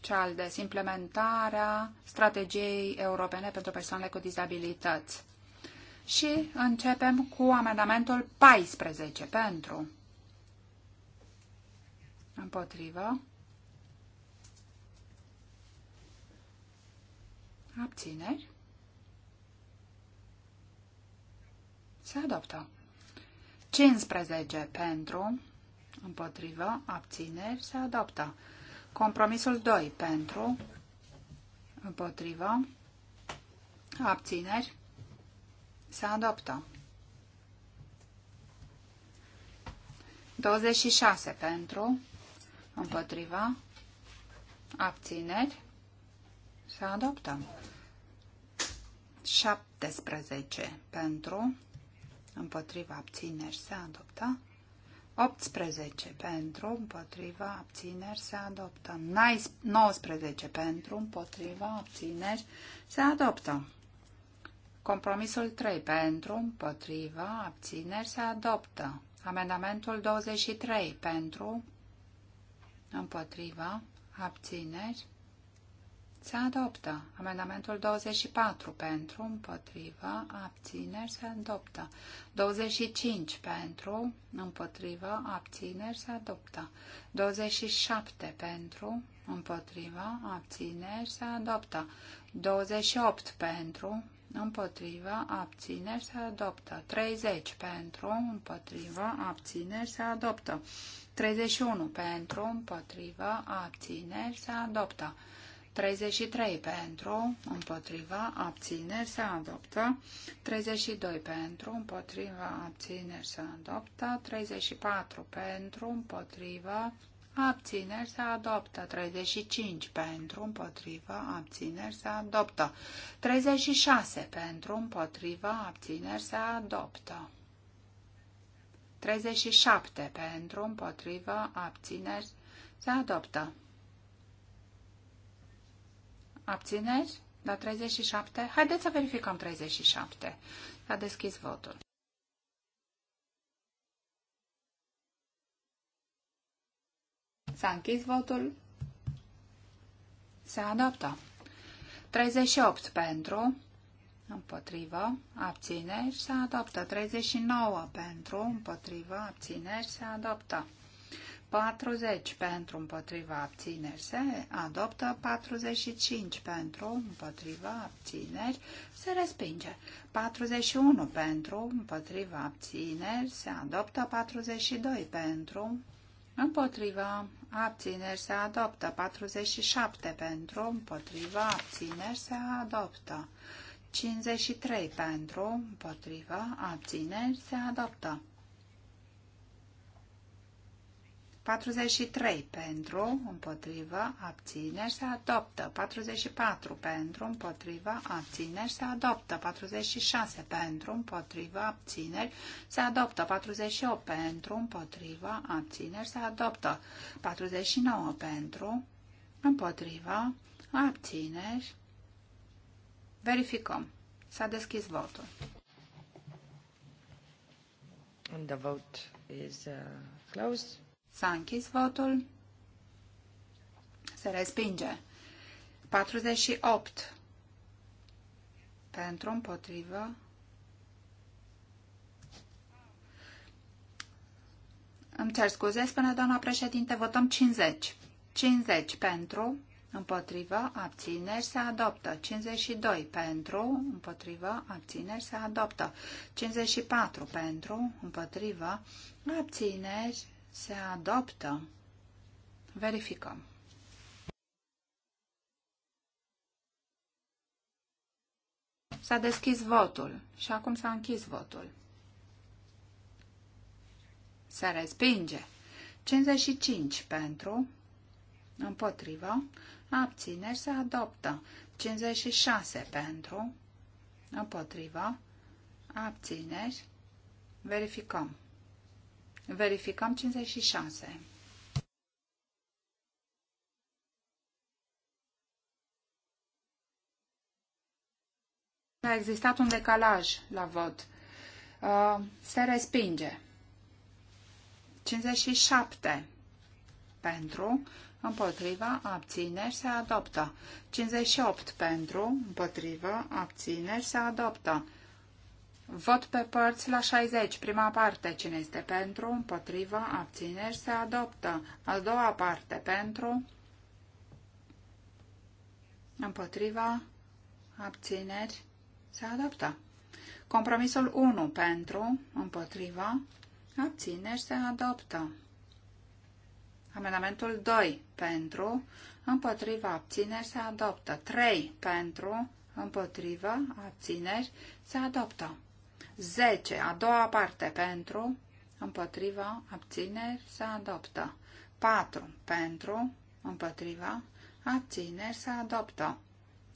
Cealdes, implementarea strategiei europene pentru persoanele cu dizabilități. Și începem cu amendamentul 14 pentru Împotrivă. Abțineri. Se adoptă. 15 pentru, împotrivă, abțineri, se adoptă. Compromisul 2 pentru, împotrivă, abțineri, se adoptă. 26 pentru, Împotriva. Abțineri. Se adoptăm. 17 pentru. Împotriva abțineri se adoptă. 18 pentru, împotriva, abțineri, se adoptă. 19 pentru, împotriva, abțineri, se adoptă. Compromisul 3 pentru, împotriva, abțineri, se adoptă. Amendamentul 23 pentru, împotriva, abțineri, se adoptă. Amendamentul 24 pentru, împotriva, abțineri, se adoptă. 25 pentru, împotriva, abțineri, se adoptă. 27 pentru, împotriva, abțineri, se adoptă. 28 pentru, împotriva, abțineri, se adoptă. 30 pentru, împotriva, abțineri, se adoptă. 31 pentru, împotriva, abțineri, se adoptă. 33 pentru, împotriva, abțineri, se adoptă. 32 pentru, împotriva, abțineri, se adoptă. 34 pentru, împotriva, Abțineri se adoptă. 35 pentru, împotrivă, abțineri se adoptă. 36 pentru, împotrivă, abțineri se adoptă. 37 pentru, împotrivă, abțineri se adoptă. Abțineri? La 37? Haideți să verificăm 37. S-a deschis votul. S-a închis votul. Se adoptă. 38 pentru, împotrivă, abțineri, se adoptă. 39 pentru, împotrivă, abțineri, se adoptă. 40 pentru, împotriva, abțineri, se adoptă. 45 pentru, împotriva, abțineri, se respinge. 41 pentru, împotriva, abțineri, se adoptă. 42 pentru, împotriva abțineri se adoptă. 47 pentru, împotriva abțineri se adoptă. 53 pentru, împotriva abțineri se adoptă. 43 pentru, împotrivă, abțineri, se adoptă. 44 pentru, împotrivă, abțineri, se adoptă. 46 pentru, împotrivă, abțineri, se adoptă. 48 pentru, împotrivă, abțineri, se adoptă. 49 pentru, împotrivă, abțineri. Verificăm. S-a deschis votul. And the vote is uh, closed. S-a închis votul. Se respinge. 48. Pentru, împotrivă. Îmi cer scuze, spune doamna președinte, votăm 50. 50 pentru, împotrivă, abțineri, se adoptă. 52 pentru, împotrivă, abțineri, se adoptă. 54 pentru, împotrivă, abțineri, se adoptă. Verificăm. S-a deschis votul și acum s-a închis votul. Se respinge. 55 pentru, împotrivă, abțineri se adoptă. 56 pentru, împotrivă, abțineri, verificăm. Verificăm 56. A existat un decalaj la vot. Uh, se respinge. 57 pentru, împotriva, abțineri, se adoptă. 58 pentru, împotriva, abțineri, se adoptă. Vot pe părți la 60, prima parte. Cine este pentru, împotriva, abțineri, se adoptă. A doua parte, pentru, împotriva, abțineri, se adoptă. Compromisul 1, pentru, împotriva, abțineri, se adoptă. Amendamentul 2, pentru, împotriva, abțineri, se adoptă. 3, pentru, împotriva, abțineri, se adoptă. 10, a doua parte, pentru, împotriva, abțineri, se adoptă. 4, pentru, împotriva, abțineri, se adoptă.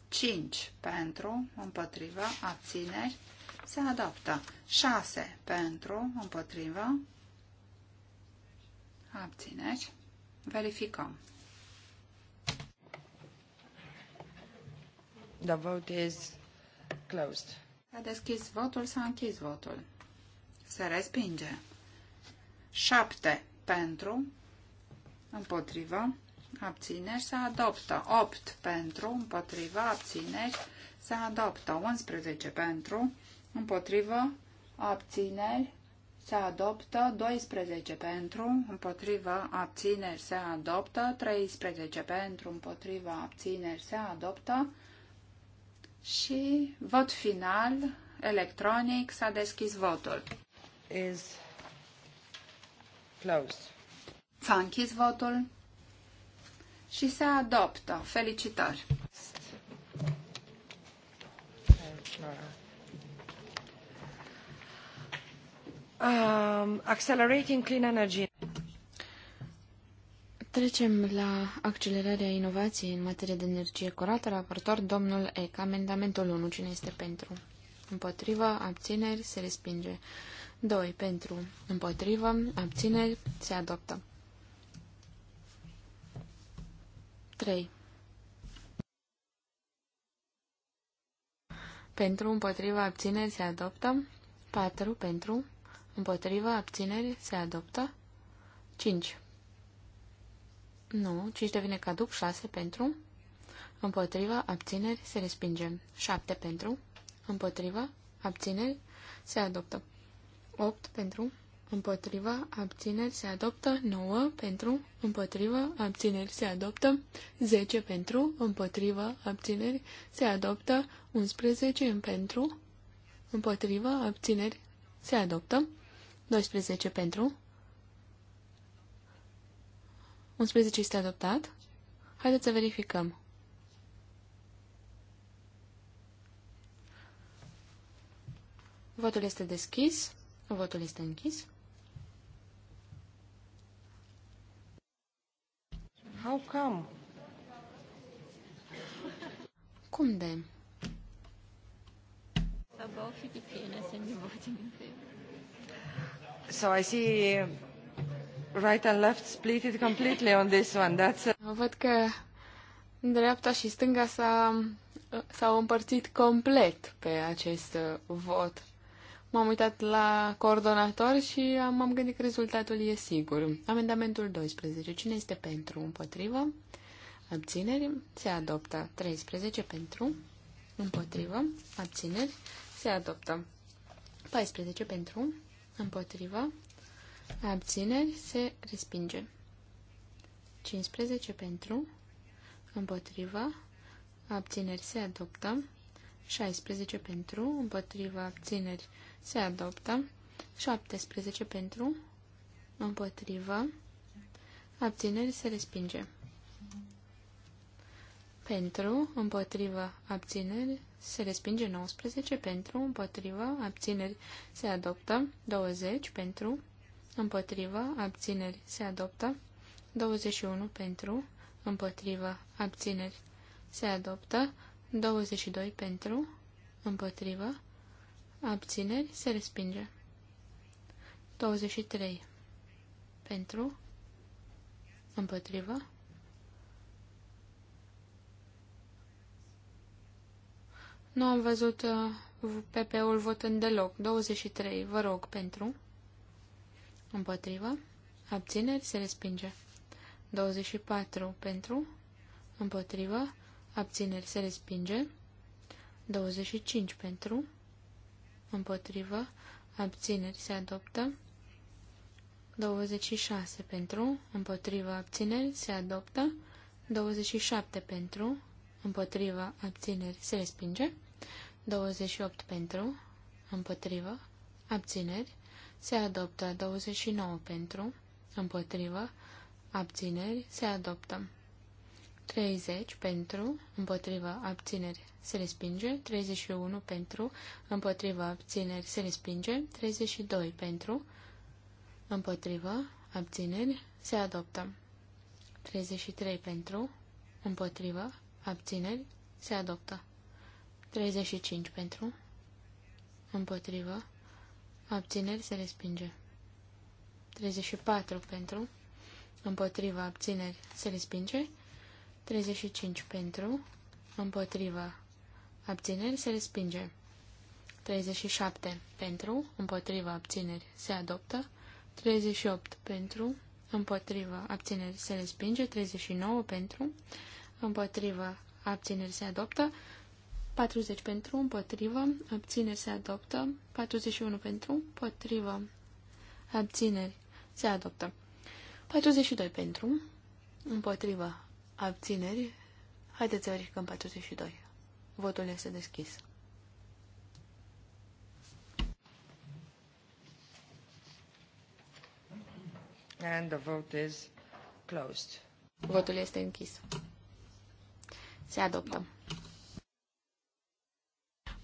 5, pentru, împotriva, abțineri, se adoptă. 6, pentru, împotriva, abțineri, verificăm. The vote is closed. S-a deschis votul, s-a închis votul. Se respinge. 7 pentru, împotrivă, abțineri, se adoptă. 8 pentru, împotrivă, abțineri, se adoptă. 11 pentru, împotrivă, abțineri, se adoptă 12 pentru, împotriva abțineri se adoptă, 13 pentru, împotriva abțineri se adoptă, și vot final, electronic, s-a deschis votul. Is closed. S-a închis votul și se adoptă. Felicitări! Um, accelerating clean energy. Trecem la accelerarea inovației în materie de energie curată. Raportor domnul Eck. Amendamentul 1. Cine este pentru? Împotrivă. Abțineri. Se respinge. 2. Pentru. Împotrivă. Abțineri. Se adoptă. 3. Pentru. Împotrivă. Abțineri. Se adoptă. 4. Pentru. Împotrivă. Abțineri. Se adoptă. 5. Nu, 5 devine caduc, 6 pentru. Împotriva, abțineri, se respinge. 7 pentru. Împotriva, abțineri, se adoptă. 8 pentru. Împotriva, abțineri, se adoptă. 9 pentru. Împotriva, abțineri, se adoptă. 10 pentru. Împotriva, abțineri, se adoptă. 11 pentru. Împotriva, abțineri, se adoptă. 12 pentru. 11 este adoptat. Haideți să verificăm. Votul este deschis. Votul este închis. How come? Cum de? So I see right and left completely on this one. That's a... Văd că dreapta și stânga s s-au împărțit complet pe acest uh, vot. M-am uitat la coordonator și m-am gândit că rezultatul e sigur. Amendamentul 12. Cine este pentru? Împotrivă? Abțineri? Se adoptă. 13 pentru? Împotrivă? Abțineri? Se adoptă. 14 pentru? Împotrivă? La Abțineri se respinge. 15 pentru, împotriva, abțineri se adoptă. 16 pentru, împotriva, abțineri se adoptă. 17 pentru, împotriva, abțineri se respinge. Pentru, împotriva, abțineri, se respinge 19, pentru, împotriva, abțineri, se adoptă 20, pentru, împotrivă, abțineri, se adoptă. 21 pentru, împotrivă, abțineri, se adoptă. 22 pentru, împotrivă, abțineri, se respinge. 23 pentru, împotrivă, Nu am văzut uh, PP-ul votând deloc. 23, vă rog, pentru împotrivă, abțineri, se respinge. 24 pentru, împotrivă, abțineri, se respinge. 25 pentru, împotrivă, abțineri, se adoptă. 26 pentru, împotrivă, abțineri, se adoptă. 27 pentru, împotrivă, abțineri, se respinge. 28 pentru, împotrivă, abțineri, se adoptă. 29 pentru, împotrivă, abțineri, se adoptă. 30 pentru, împotrivă, abțineri, se respinge. 31 pentru, împotrivă, abțineri, se respinge. 32 pentru, împotrivă, abțineri, se adoptă. 33 pentru, împotrivă, abțineri, se adoptă. 35 pentru, împotrivă, Abțineri se respinge. 34 pentru. Împotriva abțineri se respinge. 35 pentru. Împotriva abțineri se respinge. 37 pentru. Împotriva abțineri se adoptă. 38 pentru. Împotriva abțineri se respinge. 39 pentru. Împotriva abțineri se adoptă. 40 pentru, împotrivă, abțineri se adoptă. 41 pentru, împotrivă, abțineri se adoptă. 42 pentru, împotrivă, abțineri. Haideți să verificăm 42. Votul este deschis. And the vote is closed. Votul este închis. Se adoptă.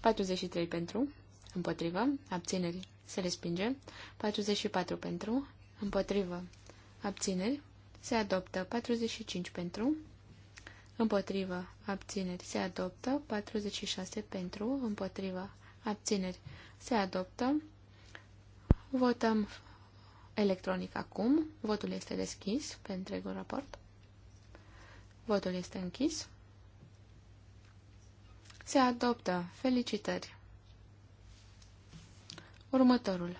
43 pentru, împotrivă, abțineri, se respinge. 44 pentru, împotrivă, abțineri, se adoptă. 45 pentru, împotrivă, abțineri, se adoptă. 46 pentru, împotrivă, abțineri, se adoptă. Votăm electronic acum. Votul este deschis pe întregul raport. Votul este închis. Se adoptă. Felicitări. Următorul.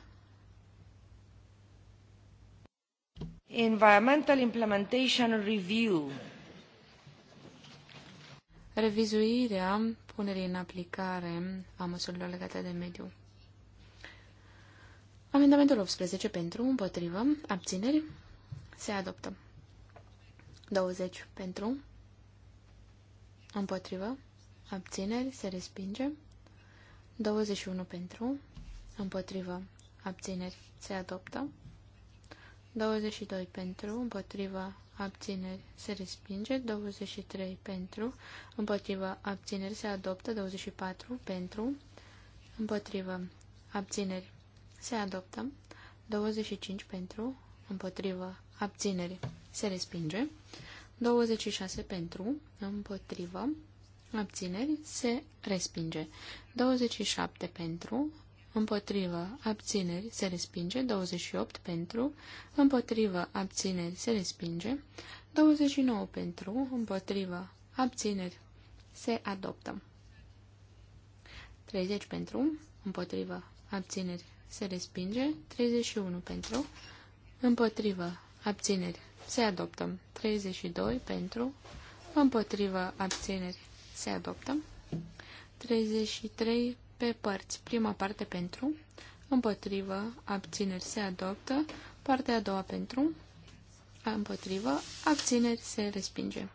Environmental Implementation Review. Revizuirea punerii în aplicare a măsurilor legate de mediu. Amendamentul 18 pentru, împotrivă, abțineri, se adoptă. 20 pentru, împotrivă, abțineri, se respinge. 21 pentru, împotrivă, abțineri, se adoptă. 22 pentru, împotrivă, abțineri, se respinge. 23 pentru, împotrivă, abțineri, se adoptă. 24 pentru, împotrivă, abțineri, se adoptă. 25 pentru, împotrivă, abțineri, se respinge. 26 pentru, împotriva, abțineri, se respinge. 27 pentru, împotrivă, abțineri, se respinge. 28 pentru, împotrivă, abțineri, se respinge. 29 pentru, împotrivă, abțineri, se adoptă. 30 pentru, împotrivă, abțineri, se respinge. 31 pentru, împotrivă, abțineri, se adoptă. 32 pentru, împotrivă, abțineri, se adoptă. 33 pe părți. Prima parte pentru. Împotrivă. Abțineri. Se adoptă. Partea a doua pentru. Împotrivă. Abțineri. Se respinge.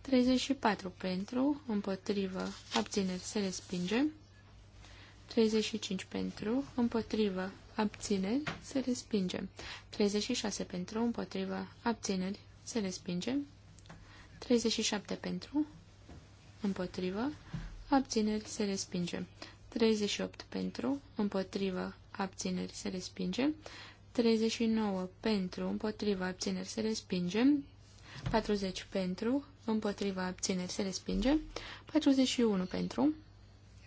34 pentru. Împotrivă. Abțineri. Se respinge. 35 pentru, împotrivă, abțineri, se respinge. 36 pentru, împotrivă, abțineri, se respinge. 37 pentru, împotrivă, abțineri, se respinge. 38 pentru, împotrivă, abțineri, se respinge. 39 pentru, împotrivă, abțineri se respinge. 40 pentru, împotrivă, abțineri se respinge. 41 pentru,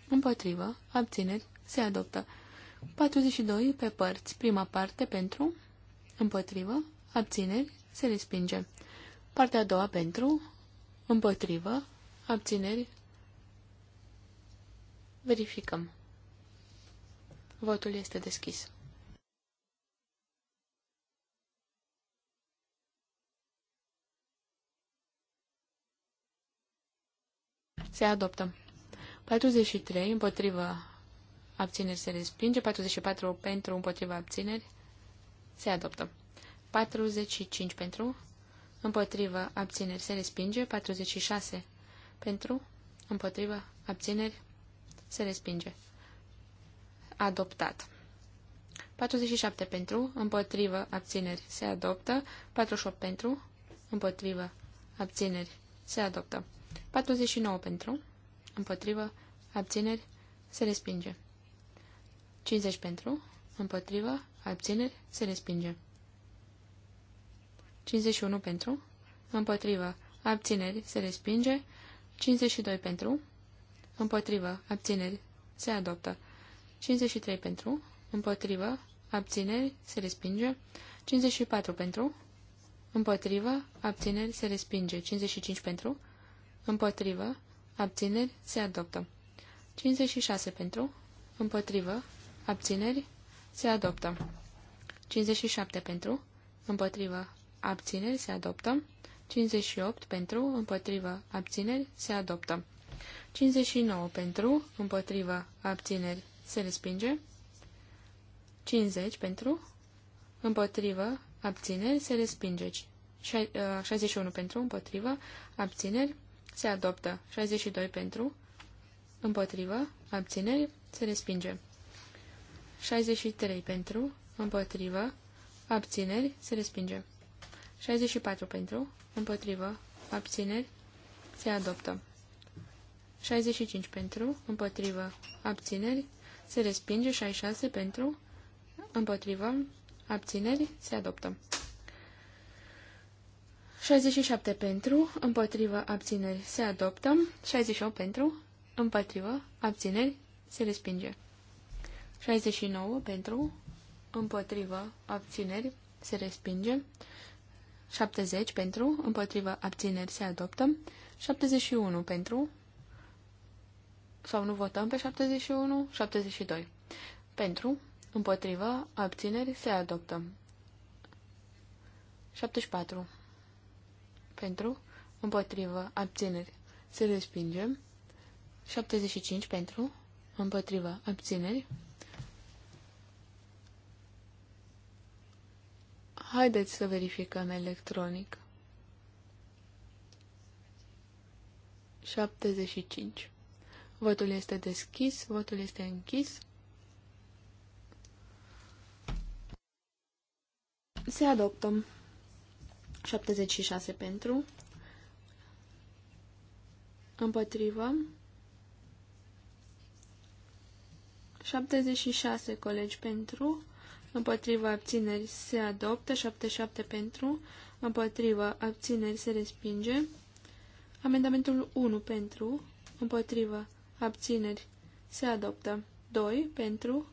împotrivă, abțineri se adoptă. 42 pe părți, prima parte pentru, împotrivă, abțineri se respinge. Partea a doua pentru, împotrivă, Abțineri. Verificăm. Votul este deschis. Se adoptă. 43 împotrivă abțineri se respinge, 44 pentru împotriva abțineri se adoptă. 45 pentru împotrivă abțineri se respinge, 46 pentru, împotriva, abțineri, se respinge. Adoptat. 47 pentru, împotrivă, abțineri, se adoptă. 48 pentru, împotrivă, abțineri, se adoptă. 49 pentru, împotrivă, abțineri, se respinge. 50 pentru, împotrivă, abțineri, se respinge. 51 pentru, împotrivă, abțineri, se respinge. 52 pentru, împotrivă, abțineri, se adoptă. 53 pentru, împotrivă, abțineri, se respinge. 54 pentru, împotrivă, abțineri, se respinge. 55 pentru, împotrivă, abțineri, se adoptă. 56 pentru, împotrivă, abțineri, se adoptă. 57 pentru, împotrivă, abțineri, se adoptă. 58 pentru, împotrivă, abțineri, se adoptă. 59 pentru, împotrivă, abțineri, se respinge. 50 pentru, împotrivă, abțineri, se respinge. 61 uh, pentru, împotrivă, abțineri, se adoptă. 62 pentru, împotrivă, abțineri, se respinge. 63 pentru, împotrivă, abțineri, se respinge. 64 pentru, împotrivă, abțineri, se adoptă. 65 pentru, împotrivă, abțineri, se respinge 66 pentru, împotrivă, abțineri, se adoptă. 67 pentru, împotrivă, abțineri, se adoptă. 68 pentru, împotrivă, abțineri, se respinge. 69 pentru, împotrivă, abțineri, se respinge. 70 pentru, împotrivă, abțineri, se adoptă. 71 pentru, sau nu votăm pe 71, 72. Pentru, împotrivă, abțineri, se adoptă. 74. Pentru, împotrivă, abțineri, se respinge. 75 pentru, împotrivă, abțineri, Haideți să verificăm electronic. 75. Votul este deschis, votul este închis. Se adoptă 76 pentru, împotrivă, 76 colegi pentru, împotriva abțineri se adoptă, 77 pentru, împotriva abțineri se respinge, amendamentul 1 pentru, împotriva abțineri se adoptă, 2 pentru,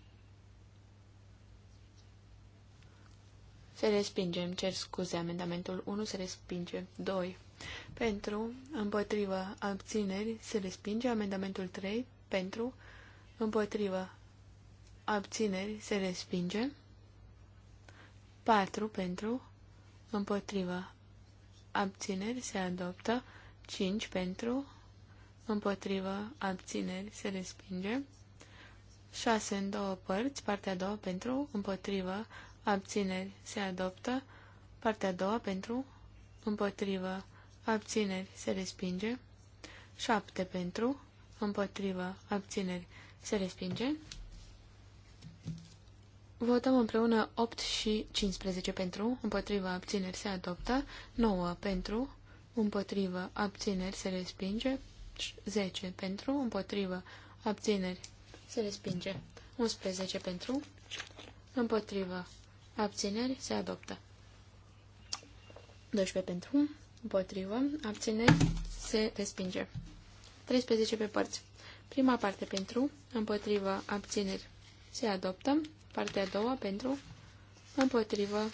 se respinge, îmi cer scuze, amendamentul 1 se respinge, 2 pentru, împotriva abțineri se respinge, amendamentul 3 pentru, împotriva abțineri se respinge. 4 pentru, împotrivă, abțineri se adoptă, 5 pentru, împotrivă, abțineri se respinge, 6 în două părți, partea a doua pentru, împotrivă, abțineri se adoptă, partea a doua pentru, împotrivă, abțineri se respinge, 7 pentru, împotrivă, abțineri se respinge, Votăm împreună 8 și 15 pentru, împotrivă abțineri se adoptă, 9 pentru, împotrivă abțineri se respinge, 10 pentru, împotrivă abțineri se respinge, 11 pentru, împotrivă abțineri se adoptă, 12 pentru, împotrivă abțineri se respinge, 13 pe părți. Prima parte pentru, împotrivă abțineri se adoptă, Partea a doua pentru, împotrivă,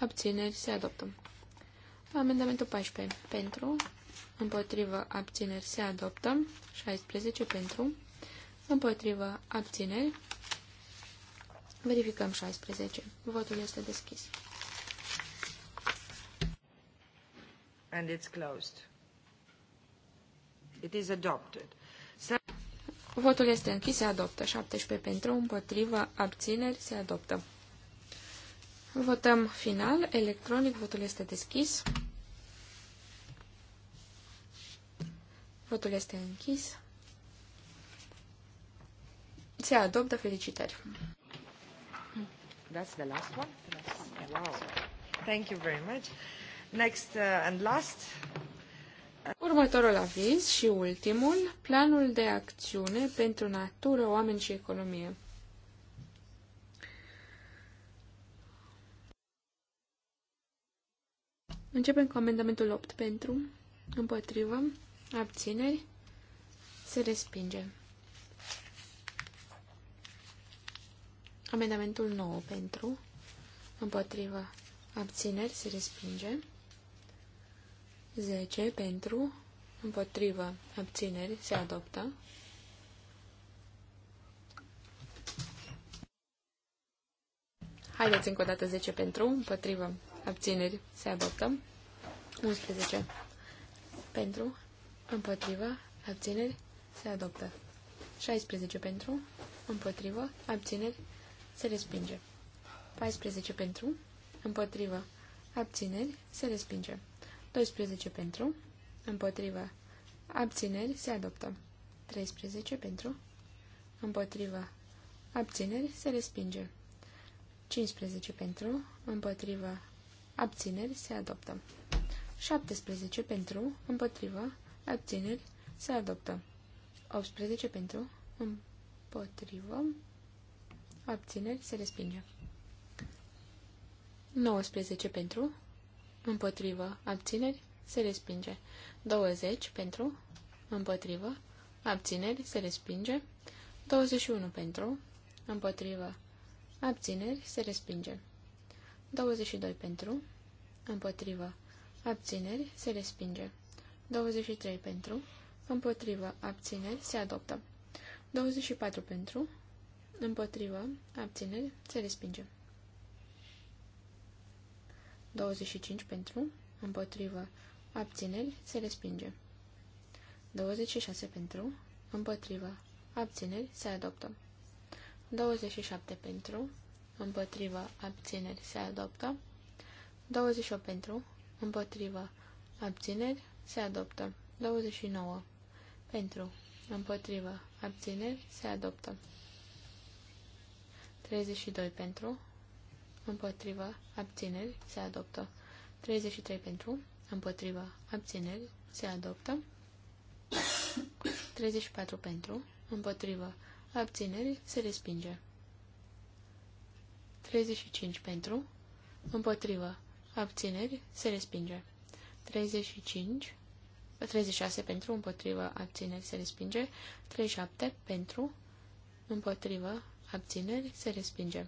abțineri, se adoptă. Amendamentul 14 pentru, împotrivă, abțineri, se adoptă. 16 pentru, împotrivă, abțineri. Verificăm 16. Votul este deschis. And it's closed. It is adopted. Votul este închis, se adoptă. 17 pentru, împotrivă, abțineri, se adoptă. Votăm final, electronic, votul este deschis. Votul este închis. Se adoptă, felicitări. That's the last one? Wow. Thank you very much. Next uh, and last, Următorul aviz și ultimul, planul de acțiune pentru natură, oameni și economie. Începem cu amendamentul 8 pentru, împotrivă, abțineri, se respinge. Amendamentul 9 pentru, împotrivă, abțineri, se respinge. 10 pentru, împotrivă, abțineri, se adoptă. Haideți încă o dată 10 pentru, împotrivă, abțineri, se adoptă. 11 pentru, împotrivă, abțineri, se adoptă. 16 pentru, împotrivă, abțineri, se respinge. 14 pentru, împotrivă, abțineri, se respinge. 12 pentru, Împotrivă. abțineri, se adoptă. 13 pentru, Împotrivă. abțineri, se respinge. 15 pentru, Împotrivă. abțineri, se adoptă. 17 pentru, Împotrivă. abțineri, se adoptă. 18 pentru, împotrivă, abțineri, se respinge. 19 pentru, împotrivă, abțineri, se respinge. 20 pentru, împotrivă, abțineri, se respinge. 21 pentru, împotrivă, abțineri, se respinge. 22 pentru, împotrivă, abțineri, se respinge. 23 pentru, împotrivă, abțineri, se adoptă. 24 pentru, împotrivă, abțineri, se respinge. 25 pentru, împotrivă, abțineri, se respinge. 26 pentru, împotrivă, abțineri, se adoptă. 27 pentru, împotrivă, abțineri, se adoptă. 28 pentru, împotrivă, abțineri, se adoptă. 29 pentru, împotrivă, abțineri, se adoptă. 32 pentru, împotrivă, abțineri, se adoptă. 33 pentru, împotrivă, abțineri, se adoptă. 34 pentru, împotrivă, abțineri, se respinge. 35 pentru, împotrivă, abțineri, se respinge. 35 36 pentru, împotrivă, abțineri, se respinge. 37 pentru, împotrivă, abțineri, se respinge.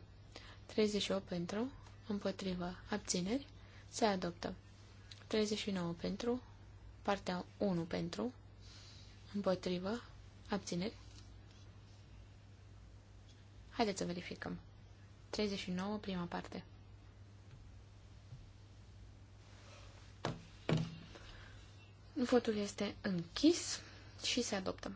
38 pentru, împotrivă, abțineri, se adoptă. 39 pentru, partea 1 pentru, împotrivă, abțineri. Haideți să verificăm. 39, prima parte. Votul este închis și se adoptă.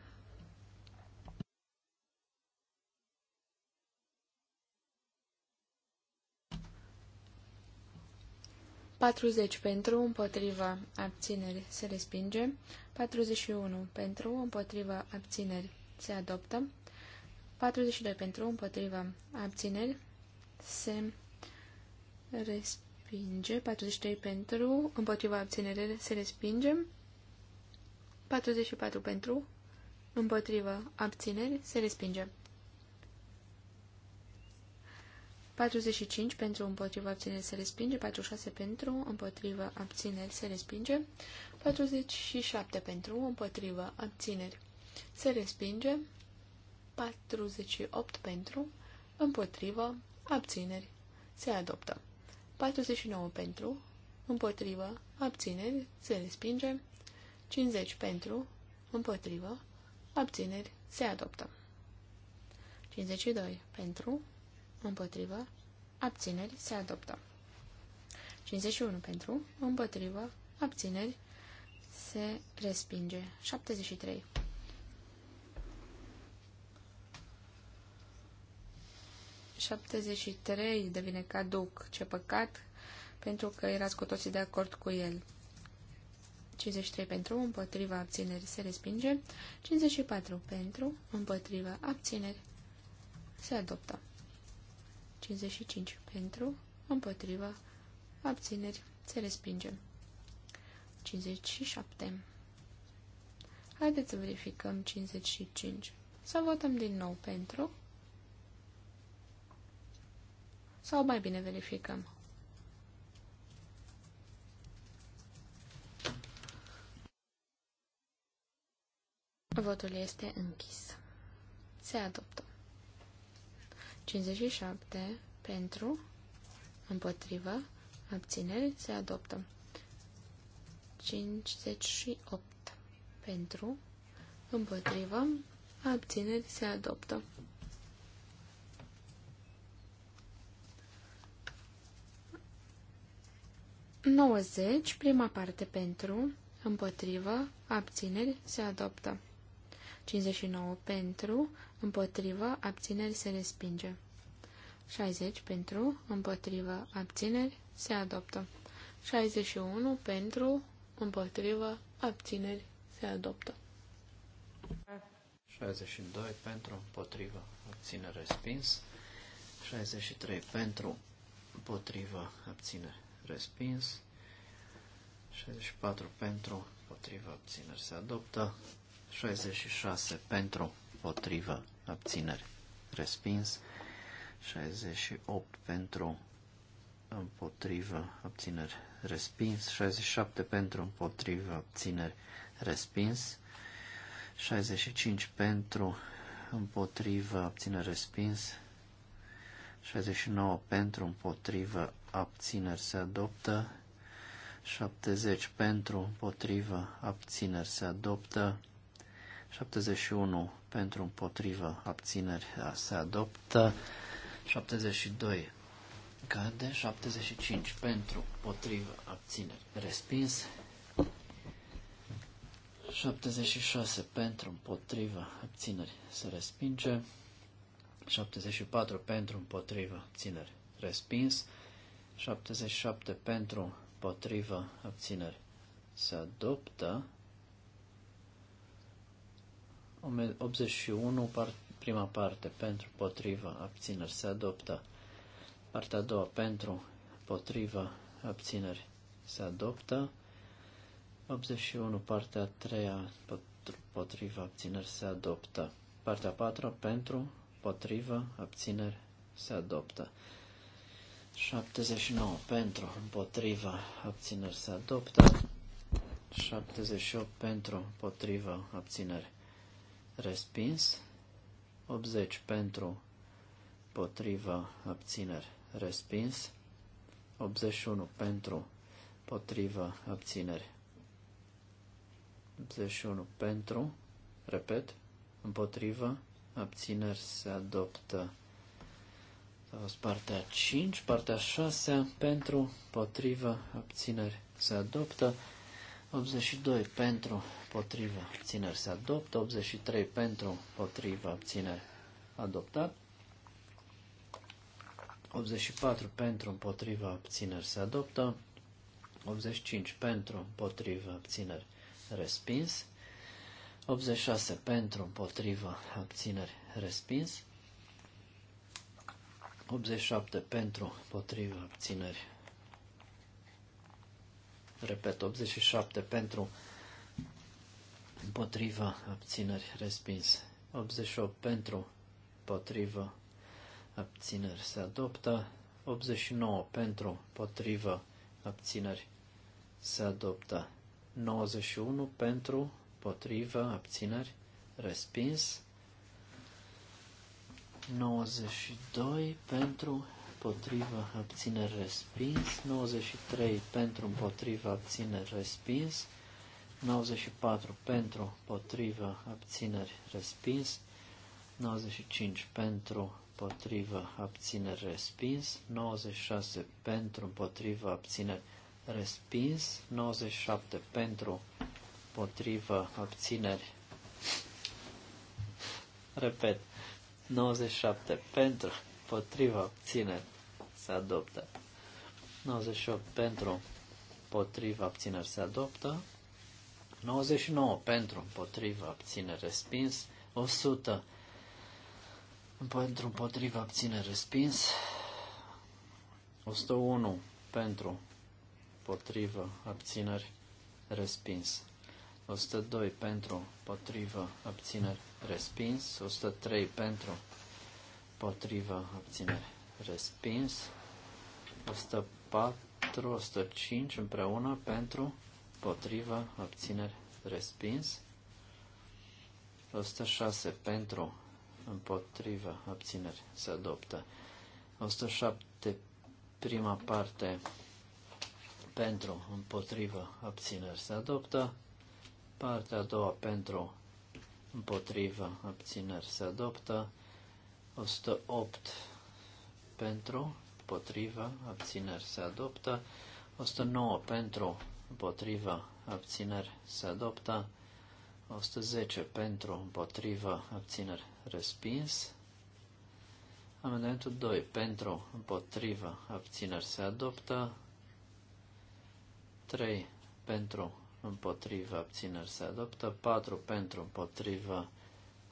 40 pentru, împotriva, abțineri, se respinge. 41 pentru, împotriva, abțineri, se adoptă. 42 pentru, împotriva, abțineri, se respinge. 43 pentru, împotriva, abțineri, se respinge. 44 pentru, împotriva, abțineri, se respinge. 45 pentru împotriva abțineri se respinge, 46 pentru împotriva abțineri se respinge, 47 pentru împotriva abțineri se respinge, 48 pentru împotriva abțineri se adoptă, 49 pentru împotriva abțineri se respinge, 50 pentru împotriva abțineri se adoptă, 52 pentru împotrivă, abțineri, se adoptă. 51 pentru, împotrivă, abțineri, se respinge. 73. trei devine caduc. Ce păcat, pentru că erați cu toții de acord cu el. 53 pentru, împotriva abțineri se respinge. 54 pentru, împotriva abțineri se adoptă. 55 pentru, împotriva, abțineri, se respinge. 57. Haideți să verificăm 55. Să votăm din nou pentru. Sau mai bine verificăm. Votul este închis. Se adoptă. 57 pentru, împotrivă, abțineri, se adoptă. 58 pentru, împotrivă, abțineri, se adoptă. Nouăzeci, prima parte pentru, împotrivă, abțineri, se adoptă. 59 pentru, împotrivă, abțineri, se respinge. 60 pentru, împotrivă, abțineri, se adoptă. 61 pentru, împotrivă, abțineri, se adoptă. 62 pentru, împotrivă, abțineri respins. 63 pentru, împotrivă, abțineri respins. 64 pentru, împotrivă, abțineri se adoptă. 66 pentru, împotrivă, abțineri, respins. 68 pentru, împotrivă, abțineri, respins. 67 pentru, împotrivă, abțineri, respins. 65 pentru, împotrivă, abțineri, respins. 69 pentru, împotrivă, abțineri se adoptă, 70 pentru, împotrivă, abțineri se adoptă, 71 pentru împotrivă abțineri se adoptă 72 cade 75 pentru împotrivă abțineri respins 76 pentru împotrivă abțineri se respinge 74 pentru împotrivă abțineri respins 77 pentru împotrivă abțineri se adoptă 81, part, prima parte, pentru, potrivă, abțineri, se adoptă. Partea a doua, pentru, potrivă, abțineri, se adoptă. 81, partea a treia, potrivă, abțineri, se adoptă. Partea a patra, pentru, potrivă, abțineri, se adoptă. 79, pentru, împotriva, abțineri, se adoptă. 78, pentru, potriva abțineri, respins, 80 pentru, potriva, abțineri, respins, 81 pentru, potriva, abțineri, 81 pentru, repet, împotriva, abțineri se adoptă. partea 5, partea 6, pentru, potriva, abțineri se adoptă. 82 pentru, potrivă, abțineri se adoptă, 83 pentru, potrivă, abțineri adoptat, 84 pentru, potrivă abțineri se adoptă, 85 pentru, potrivă abțineri respins, 86 pentru, potrivă abțineri respins, 87 pentru, potrivă abțineri repet, 87 pentru, împotriva, abțineri, respins, 88 pentru, împotriva, abțineri, se adoptă, 89 pentru, împotriva, abțineri, se adoptă, 91 pentru, împotriva, abțineri, respins, 92 pentru, împotriva, abțineri, respins. 93 pentru, împotriva, abțineri, respins. 94 pentru, împotriva, abțineri, respins. 95 pentru, împotriva, abțineri, respins, 96 pentru, împotriva, abțineri, respins, 97 pentru, împotriva, abțineri, repet, 97 pentru, împotriva, obține se adoptă. 98 pentru, împotriva, abțineri, se adoptă. 99 pentru, împotriva, abțineri, respins. 100 pentru, împotriva, abțineri, respins. 101 pentru, potrivă, abțineri, respins. 102 pentru, potrivă, abțineri, respins. 103 pentru, împotrivă, abținere respins, 104, 105 împreună pentru împotrivă, abținere respins, 106 pentru împotrivă, abținere se adoptă, 107 prima parte pentru împotrivă, abțineri se adoptă, partea a doua pentru împotrivă, abțineri se adoptă, 108 pentru, împotriva, abțineri se adoptă. 109 pentru, împotrivă, abțineri se adoptă. 110 pentru, împotrivă, abțineri respins. Amendamentul 2 pentru, împotrivă, abțineri se adoptă. 3 pentru, împotrivă, abțineri se adoptă. 4 pentru, împotrivă, abțineri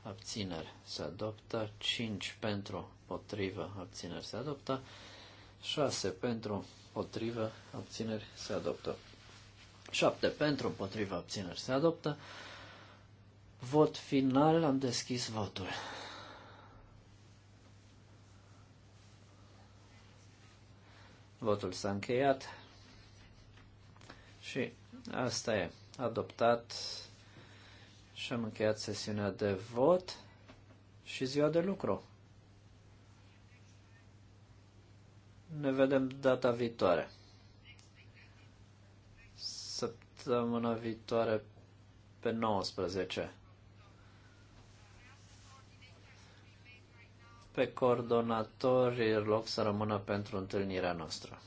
abțineri se adoptă, 5 pentru, potrivă, abțineri se adoptă, 6 pentru, potrivă, abțineri se adoptă, 7 pentru, potrivă, abțineri se adoptă, vot final, am deschis votul. Votul s-a încheiat și asta e adoptat și am încheiat sesiunea de vot și ziua de lucru. Ne vedem data viitoare. Săptămâna viitoare pe 19. Pe coordonatori loc să rămână pentru întâlnirea noastră.